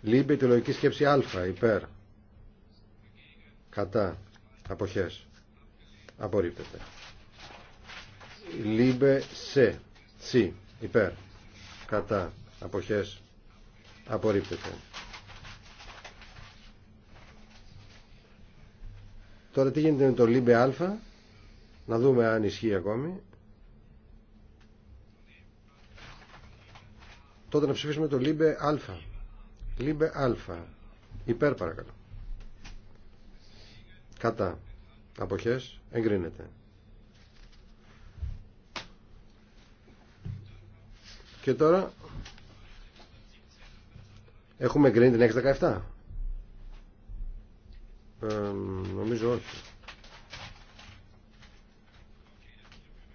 Λίμπε, αιτιολογική σκέψη α, υπέρ κατά αποχές απορρίπτεται λίμπε σε τσι υπέρ κατά αποχές απορρίπτεται τώρα τι γίνεται με το λίμπε α να δούμε αν ισχύει ακόμη τότε να ψηφίσουμε το λίμπε α λίμπε α υπέρ παρακαλώ κατά αποχές εγκρίνεται και τώρα έχουμε εγκρίνει την 617 ε, νομίζω όχι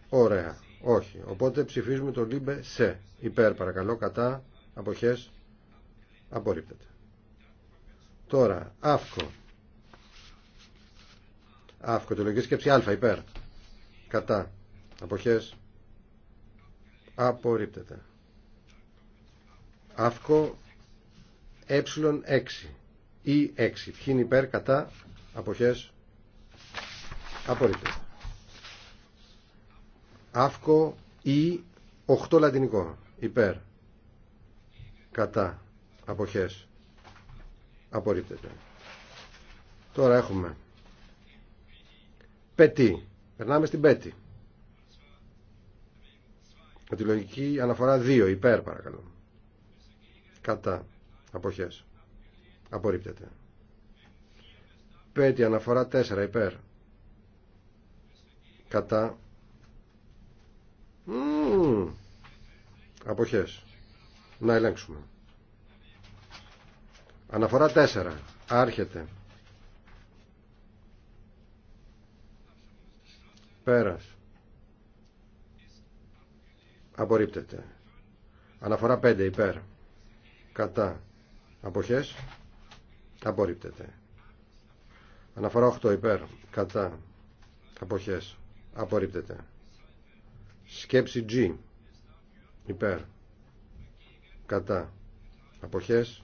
ωραία όχι οπότε ψηφίζουμε το λίμπε σε υπέρ παρακαλώ κατά αποχές απορρίπτεται τώρα αύκο λογική σκέψη α υπέρ. Κατά. Αποχές. Απορρίπτεται. Αύκο ε6 ή 6. Ποιοι υπέρ κατά αποχές. Απορρίπτεται. Αύκο ή 8 λατινικό. Υπέρ. Κατά. Αποχές. Απορρίπτεται. Τώρα έχουμε Πετή. Περνάμε στην Πέτη. Με τη λογική αναφορά 2. Υπέρ παρακαλώ. Κατά. Αποχές. Απορρίπτεται. Πέτη αναφορά 4. Υπέρ. Κατά. Mm. Αποχές. Να ελέγξουμε. Αναφορά 4. Άρχεται. Πέρας. Απορρίπτεται. Αναφορά 5 υπέρ. Κατά. Αποχές. Απορρίπτεται. Αναφορά 8 υπέρ. Κατά. Αποχές. Απορρίπτεται. Σκέψη G. Υπέρ. Κατά. Αποχές.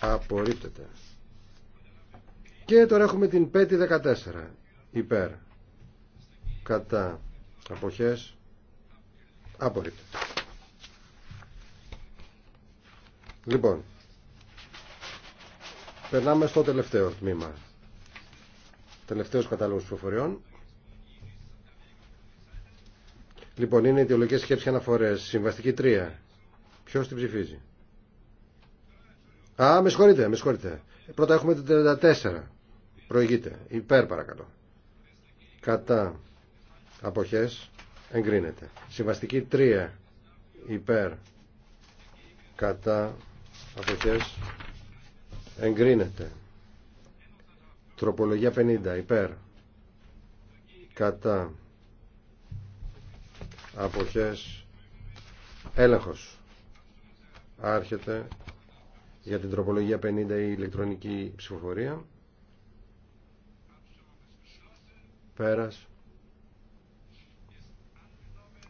Απορρίπτεται. Και τώρα έχουμε την 5 14. Υπέρ κατά αποχές απορρίπτω. Λοιπόν, περνάμε στο τελευταίο τμήμα. Τελευταίος κατάλογος προφοριών. Λοιπόν, είναι ιδεολογικές σκέψεις αναφορές. Συμβαστική 3. Ποιος την ψηφίζει. Α, με συγχωρείτε, με συγχωρείτε. Πρώτα έχουμε την 34. Προηγείται. Υπέρ παρακαλώ. Κατά αποχές εγκρίνεται. Συμβαστική 3 υπέρ κατά αποχές εγκρίνεται. Τροπολογία 50 υπέρ κατά αποχές έλεγχος άρχεται για την τροπολογία 50 η ηλεκτρονική ψηφοφορία πέρας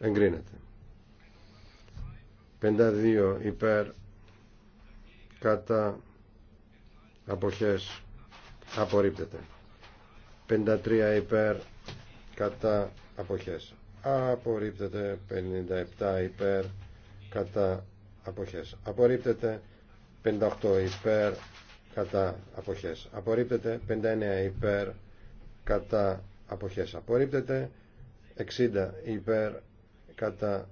εγκρίνεται 52 υπέρ κατά αποχές απορρίπτεται 53 υπέρ κατά αποχές απορρίπτεται 57 υπέρ κατά αποχές απορρίπτεται 58 υπέρ κατά αποχές απορρίπτεται 59 υπέρ κατά αποχές απορρίπτεται 60 υπέρ κατά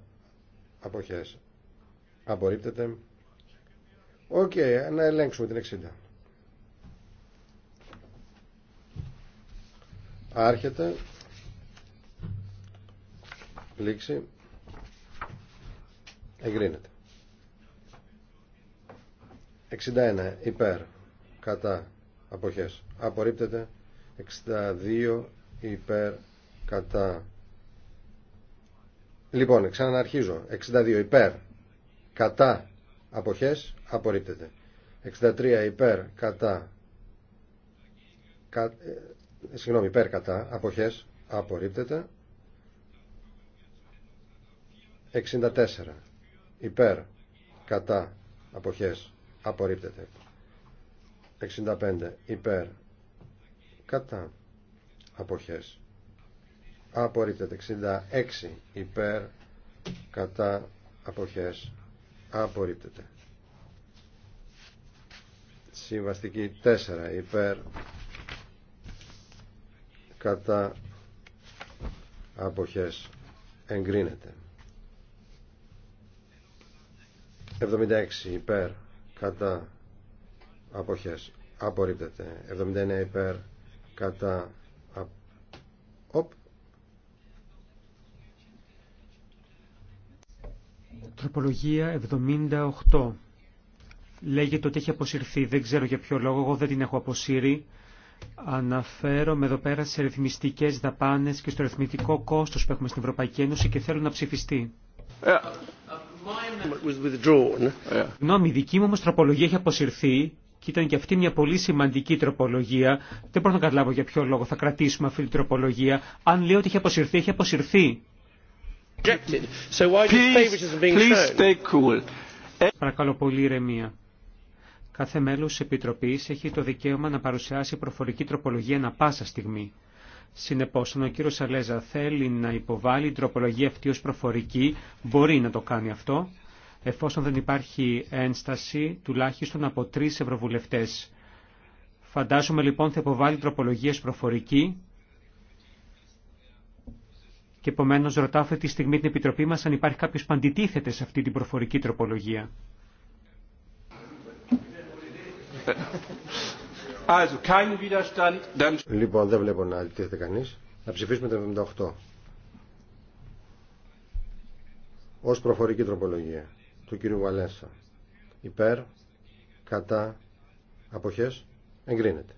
αποχές απορρίπτεται οκ να ελέγξουμε την 60 άρχεται λήξη εγκρίνεται 61 υπέρ κατά αποχές απορρίπτεται 62 υπέρ κατά Λοιπόν, ξαναρχίζω. 62 υπέρ, κατά, αποχές, απορρίπτεται. 63 υπέρ, κατά, κα, ε, συγγνώμη, υπέρ, κατά, αποχές, απορρίπτεται. 64 υπέρ, κατά, αποχές, απορρίπτεται. 65 υπέρ, κατά, αποχές, απορρίπτεται 66 υπέρ κατά αποχές απορρίπτεται συμβαστική 4 υπέρ κατά αποχές εγκρίνεται 76 υπέρ κατά αποχές απορρίπτεται 79 υπέρ κατά Τροπολογία 78. Λέγεται ότι έχει αποσυρθεί. Δεν ξέρω για ποιο λόγο. Εγώ δεν την έχω αποσύρει. Αναφέρομαι εδώ πέρα σε ρυθμιστικέ δαπάνε και στο ρυθμιστικό κόστο που έχουμε στην Ευρωπαϊκή Ένωση και θέλω να ψηφιστεί. Yeah. Γνώμη δική μου όμω τροπολογία έχει αποσυρθεί και ήταν και αυτή μια πολύ σημαντική τροπολογία. Δεν μπορώ να καταλάβω για ποιο λόγο θα κρατήσουμε αυτή την τροπολογία. Αν λέω ότι έχει αποσυρθεί, έχει αποσυρθεί. Παρακαλώ πολύ ηρεμία. Κάθε μέλος της Επιτροπής έχει το δικαίωμα να παρουσιάσει προφορική τροπολογία ανα πάσα στιγμή. Συνεπώς, αν ο κύριος Αλέζα θέλει να υποβάλει την τροπολογία αυτή ως προφορική, μπορεί να το κάνει αυτό, εφόσον δεν υπάρχει ένσταση τουλάχιστον από τρεις ευρωβουλευτές. Φαντάζομαι λοιπόν θα υποβάλει τροπολογίες προφορική και επομένω ρωτάω αυτή τη στιγμή την Επιτροπή μας αν υπάρχει κάποιος που αντιτίθεται σε αυτή την προφορική τροπολογία. Λοιπόν, δεν βλέπω να αντιτίθεται κανεί Να ψηφίσουμε το 78. Ως προφορική τροπολογία του κύριου βαλέσα. Υπέρ, κατά, αποχές, εγκρίνεται.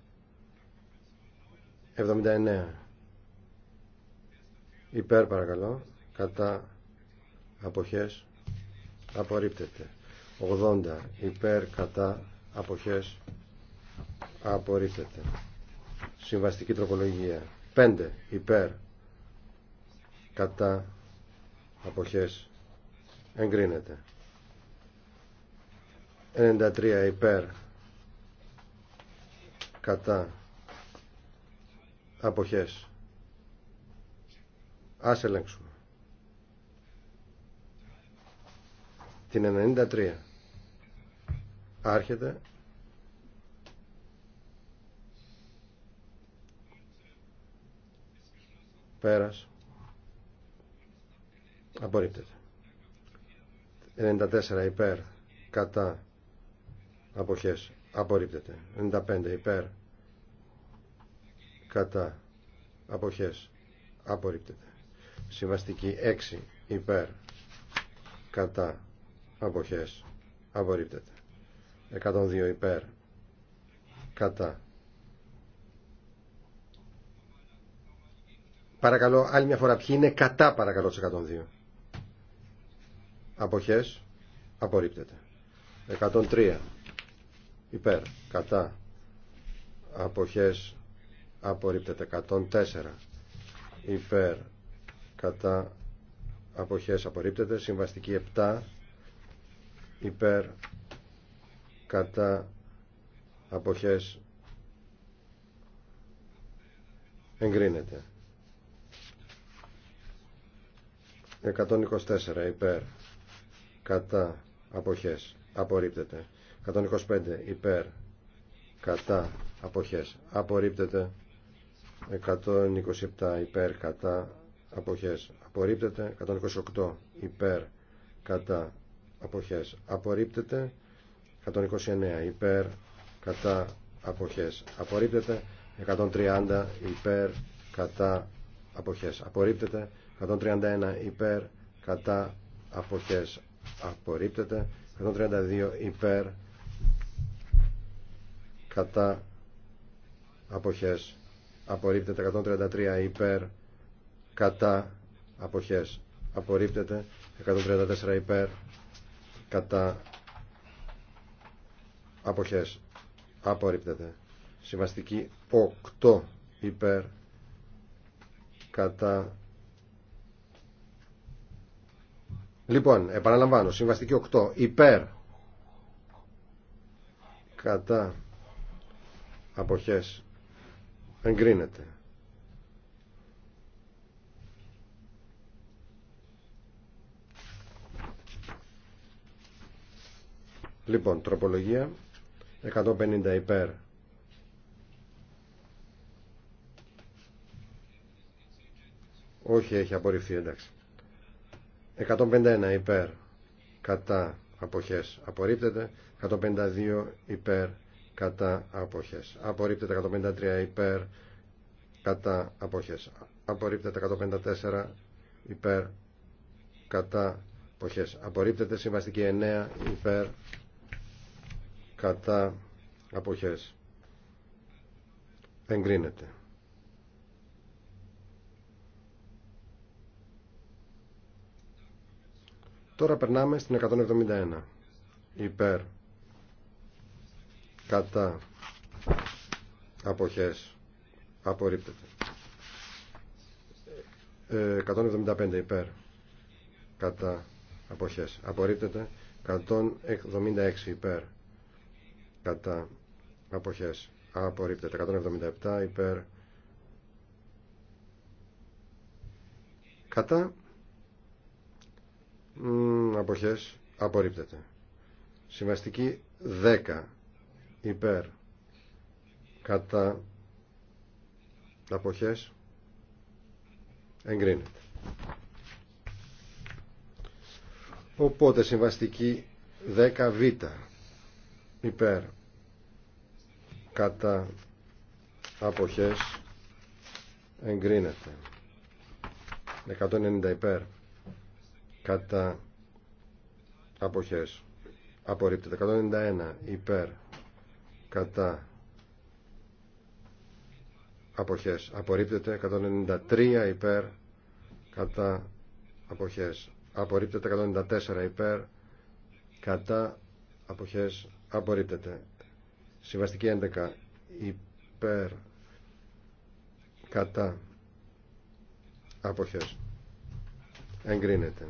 79 υπέρ παρακαλώ κατά αποχές απορρίπτεται 80 υπέρ κατά αποχές απορρίπτεται συμβαστική τροπολογία 5 υπέρ κατά αποχές εγκρίνεται 93 υπέρ κατά αποχές Ας ελέγξουμε. Την 93. Άρχεται. Πέρας. Απορρίπτεται. 94 υπέρ. Κατά. Αποχές. Απορρίπτεται. 95 υπέρ. Κατά. Αποχές. Απορρίπτεται. Συμβαστική 6 υπέρ κατά αποχές απορρίπτεται. 102 υπέρ κατά. Παρακαλώ άλλη μια φορά ποιοι είναι κατά παρακαλώ τις 102. Αποχές απορρίπτεται. 103 υπέρ κατά αποχές απορρίπτεται. 104 υπέρ κατά αποχές απορρίπτεται συμβαστική 7 υπέρ κατά αποχές εγκρίνεται 124 υπέρ κατά αποχές απορρίπτεται 125 υπέρ κατά αποχές απορρίπτεται 127 υπέρ κατά αποχές απορρίπτεται 128 υπέρ κατά αποχές απορρίπτεται 129 υπέρ κατά αποχές απορρίπτεται 130 υπέρ κατά αποχές απορρίπτεται 131 υπέρ κατά αποχές απορρίπτεται 132 υπέρ κατά αποχές απορρίπτεται 133 υπέρ κατά αποχές απορρίπτεται 134 υπέρ κατά αποχές απορρίπτεται συμβαστική 8 υπέρ κατά λοιπόν επαναλαμβάνω συμβαστική 8 υπέρ κατά αποχές εγκρίνεται Λοιπόν, τροπολογία 150 υπέρ. Όχι, έχει απορριφθεί, εντάξει. 151 υπέρ κατά αποχές απορρίπτεται. 152 υπέρ κατά αποχές. Απορρίπτεται 153 υπέρ κατά αποχές. Απορρίπτεται 154 υπέρ κατά αποχές. Απορρίπτεται συμβαστική 9 υπέρ κατά αποχές εγκρίνεται τώρα περνάμε στην 171 υπέρ κατά αποχές απορρίπτεται 175 ε, υπέρ κατά αποχές απορρίπτεται 176 υπέρ κατά αποχές απορρίπτεται 177 υπέρ κατά αποχές απορρίπτεται συμβαστική 10 υπέρ κατά αποχές εγκρίνεται οπότε συμβαστική 10β υπέρ κατά αποχές εγκρίνεται 190 υπέρ κατά αποχές απορρίπτεται 191 υπέρ κατά αποχές απορρίπτεται 193 υπέρ κατά αποχές απορρίπτεται 194 υπέρ κατά αποχές απορρίπτεται. Συμβαστική 11 υπέρ κατά αποχές εγκρίνεται.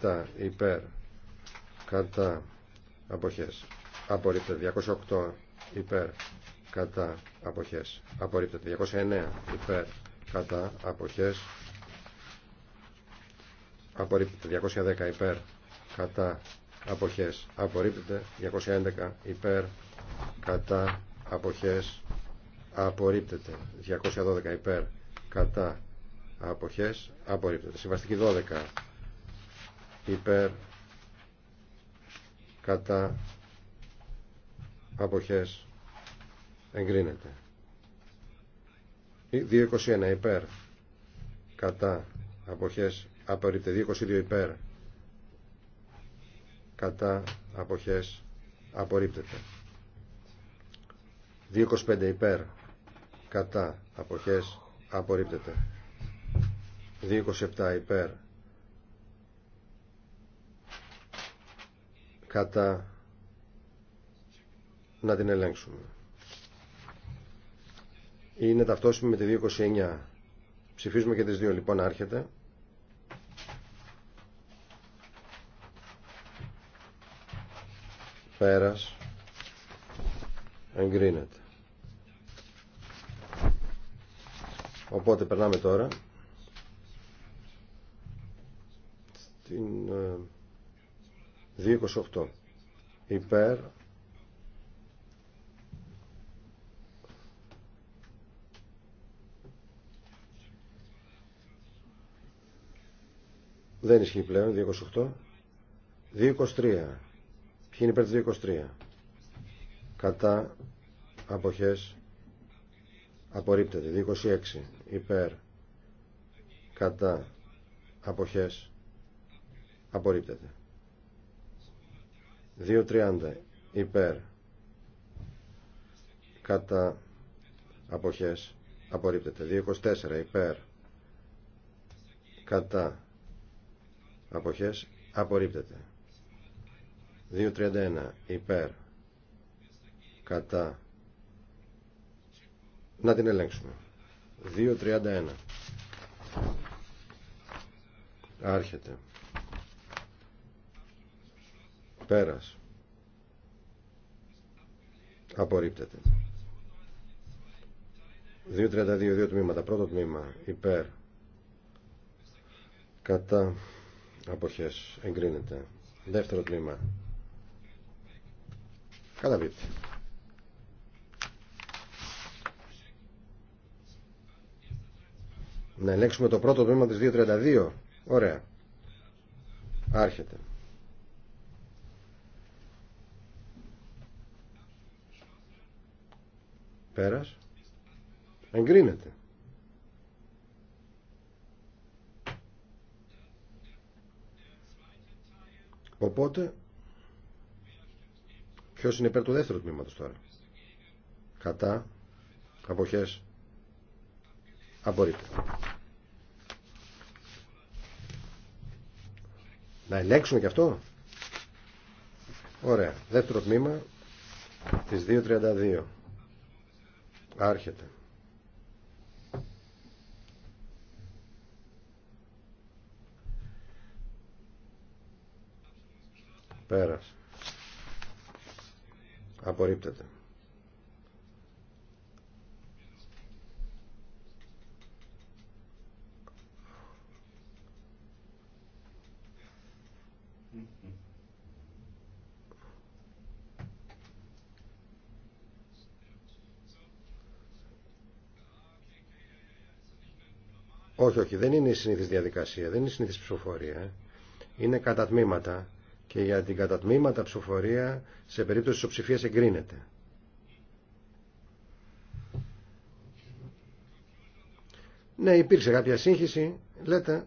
207 υπέρ κατά αποχές απορρίπτεται. 208 υπέρ κατά αποχές απορρίπτεται. 209 υπέρ κατά αποχές απορρίπτεται. 210 υπέρ κατά αποχές απορρίπτεται 211 υπέρ κατά αποχές απορρίπτεται 212 υπέρ κατά αποχές απορρίπτεται συμβαστική 12 υπέρ κατά αποχές εγκρίνεται 221 υπέρ κατά αποχές απορρίπτεται 222 υπέρ κατά αποχές απορρίπτεται 2.25 υπέρ κατά αποχές απορρίπτεται 2.27 υπέρ κατά να την ελέγξουμε είναι ταυτόσιμη με τη 2.29 ψηφίζουμε και τις δύο λοιπόν άρχεται πέρας εγκρίνεται. Οπότε περνάμε τώρα στην 28 ε, υπέρ δεν ισχύει πλέον 28; 23. Ποιοι είναι υπέρ του 23. Κατά αποχές απορρίπτεται. 26 υπέρ κατά αποχές απορρίπτεται. 2.30 υπέρ κατά αποχές απορρίπτεται. 2.24 υπέρ κατά αποχές απορρίπτεται. 2.31 υπέρ κατά να την ελέγξουμε 2.31 άρχεται πέρας απορρίπτεται 2.32 δύο τμήματα πρώτο τμήμα υπέρ κατά αποχές εγκρίνεται δεύτερο τμήμα Καταπίπτει. Να ελέγξουμε το πρώτο τμήμα της 2.32. Ωραία. Άρχεται. Πέρας. Εγκρίνεται. Οπότε Ποιο είναι υπέρ του δεύτερου τμήματος τώρα. Κατά. Αποχές. Απορρίπτω. Να ελέγξουμε και αυτό. Ωραία. Δεύτερο τμήμα τη 2.32. Άρχεται. Πέρασε. Απορρίπτεται. Όχι, όχι, δεν είναι η συνήθις διαδικασία, δεν είναι η συνήθις ψηφοφορία. Είναι κατά τμήματα και για την κατατμήματα ψηφοφορία σε περίπτωση ισοψηφία εγκρίνεται. Ναι, υπήρξε κάποια σύγχυση, λέτε.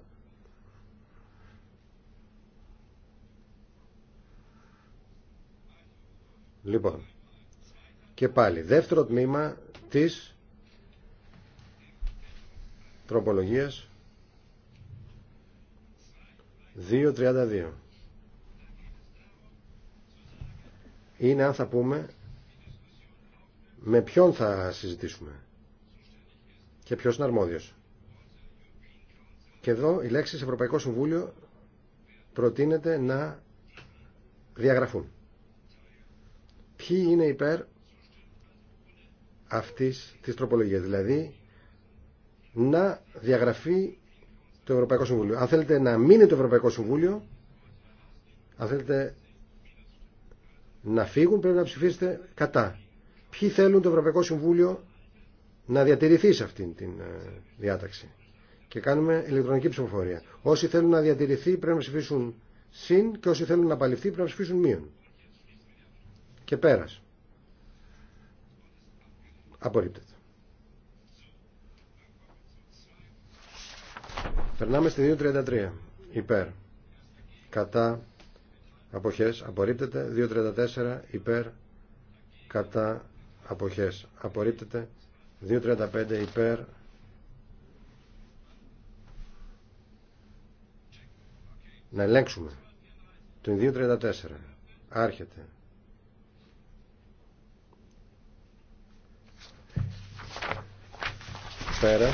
Λοιπόν, και πάλι, δεύτερο τμήμα της τροπολογίας 2.32. είναι αν θα πούμε με ποιον θα συζητήσουμε και ποιος είναι αρμόδιος. Και εδώ οι λέξεις Ευρωπαϊκό Συμβούλιο προτείνεται να διαγραφούν. Ποιοι είναι υπέρ αυτής της τροπολογίας, δηλαδή να διαγραφεί το Ευρωπαϊκό Συμβούλιο. Αν θέλετε να μείνει το Ευρωπαϊκό Συμβούλιο, αν θέλετε να φύγουν πρέπει να ψηφίσετε κατά. Ποιοι θέλουν το Ευρωπαϊκό Συμβούλιο να διατηρηθεί σε αυτήν την ε, διάταξη. Και κάνουμε ηλεκτρονική ψηφοφορία. Όσοι θέλουν να διατηρηθεί πρέπει να ψηφίσουν συν και όσοι θέλουν να απαλληφθεί πρέπει να ψηφίσουν μείον. Και πέρας. Απορρίπτεται. Περνάμε στη 2.33. Υπέρ. Κατά αποχές απορρίπτεται 2.34 υπέρ κατά αποχές απορρίπτεται 2.35 υπέρ να ελέγξουμε το 2.34 άρχεται πέρα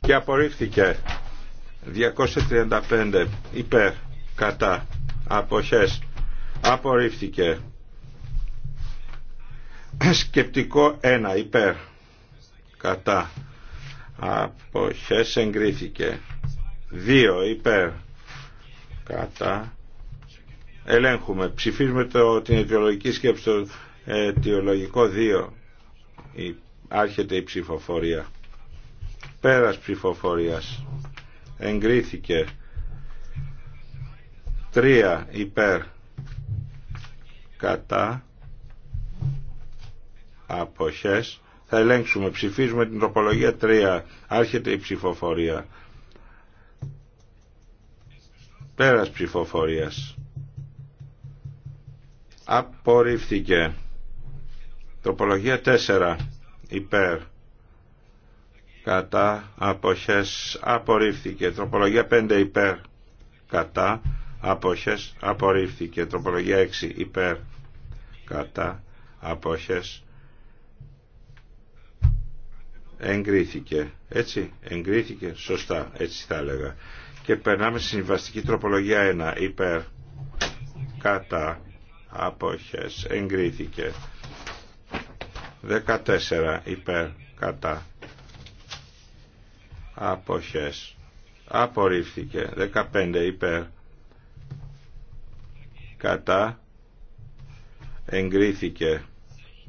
και απορρίφθηκε 235 υπέρ κατά αποχές απορρίφθηκε σκεπτικό 1 υπέρ κατά αποχές εγκρίθηκε 2 υπέρ κατά ελέγχουμε ψηφίζουμε το, την αιτιολογική σκέψη το αιτιολογικό 2 η, άρχεται η ψηφοφορία πέρας ψηφοφορίας εγκρίθηκε. 3 υπέρ κατά αποχές θα ελέγξουμε ψηφίζουμε την τροπολογία 3 άρχεται η ψηφοφορία πέρας ψηφοφορίας απορρίφθηκε τροπολογία 4 υπέρ κατά αποχές απορρίφθηκε τροπολογία 5 υπέρ κατά αποχές απορρίφθηκε τροπολογία 6 υπέρ κατά αποχές εγκρίθηκε έτσι εγκρίθηκε σωστά έτσι θα έλεγα και περνάμε στη συμβαστική τροπολογία 1 υπέρ κατά αποχές εγκρίθηκε 14 υπέρ κατά αποχές απορρίφθηκε 15 υπέρ κατά εγκρίθηκε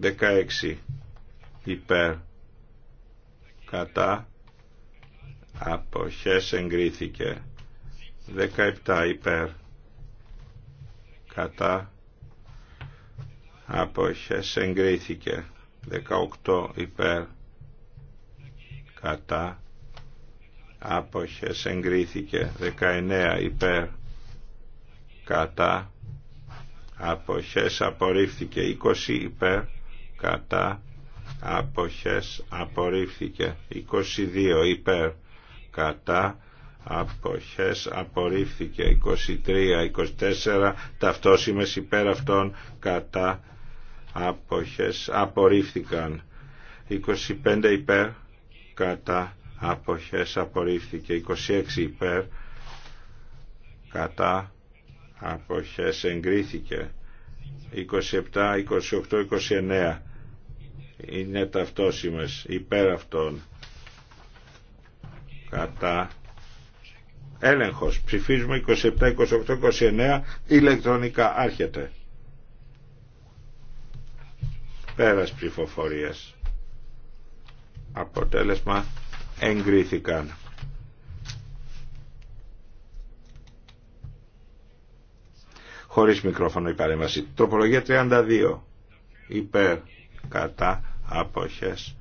16 υπέρ κατά αποχές εγκρίθηκε 17 υπέρ κατά αποχές εγκρίθηκε 18 υπέρ κατά άποχες εγκρίθηκε 19 υπέρ κατά αποχές απορρίφθηκε 20 υπέρ κατά αποχές απορρίφθηκε 22 υπέρ κατά αποχές απορρίφθηκε 23, 24 ταυτόσιμες υπέρ αυτών κατά αποχές απορρίφθηκαν 25 υπέρ κατά αποχές απορρίφθηκε 26 υπέρ κατά αποχές εγκρίθηκε 27, 28, 29 είναι ταυτόσιμες υπέρ αυτών κατά έλεγχος ψηφίζουμε 27, 28, 29 ηλεκτρονικά άρχεται πέρας ψηφοφορίας αποτέλεσμα εγκρίθηκαν. Χωρίς μικρόφωνο η παρέμβαση. Τροπολογία 32. Υπέρ. Κατά. Αποχές.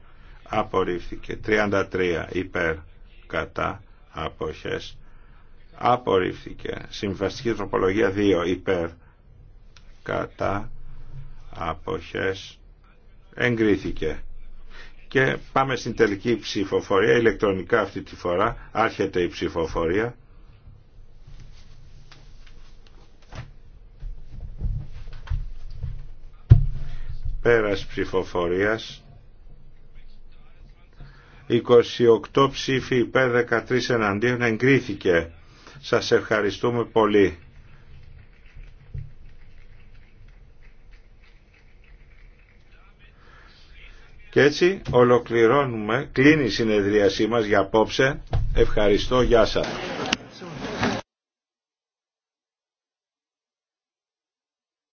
Απορρίφθηκε. 33. Υπέρ. Κατά. Αποχές. Απορρίφθηκε. Συμβαστική τροπολογία 2. Υπέρ. Κατά. Αποχές. Εγκρίθηκε. Και πάμε στην τελική ψηφοφορία, ηλεκτρονικά αυτή τη φορά, άρχεται η ψηφοφορία. Πέρας ψηφοφορίας. 28 ψήφοι υπέρ 13 εναντίον εγκρίθηκε. Σας ευχαριστούμε πολύ. Και έτσι ολοκληρώνουμε, κλείνει η συνεδρίασή μας για απόψε. Ευχαριστώ, γεια σας.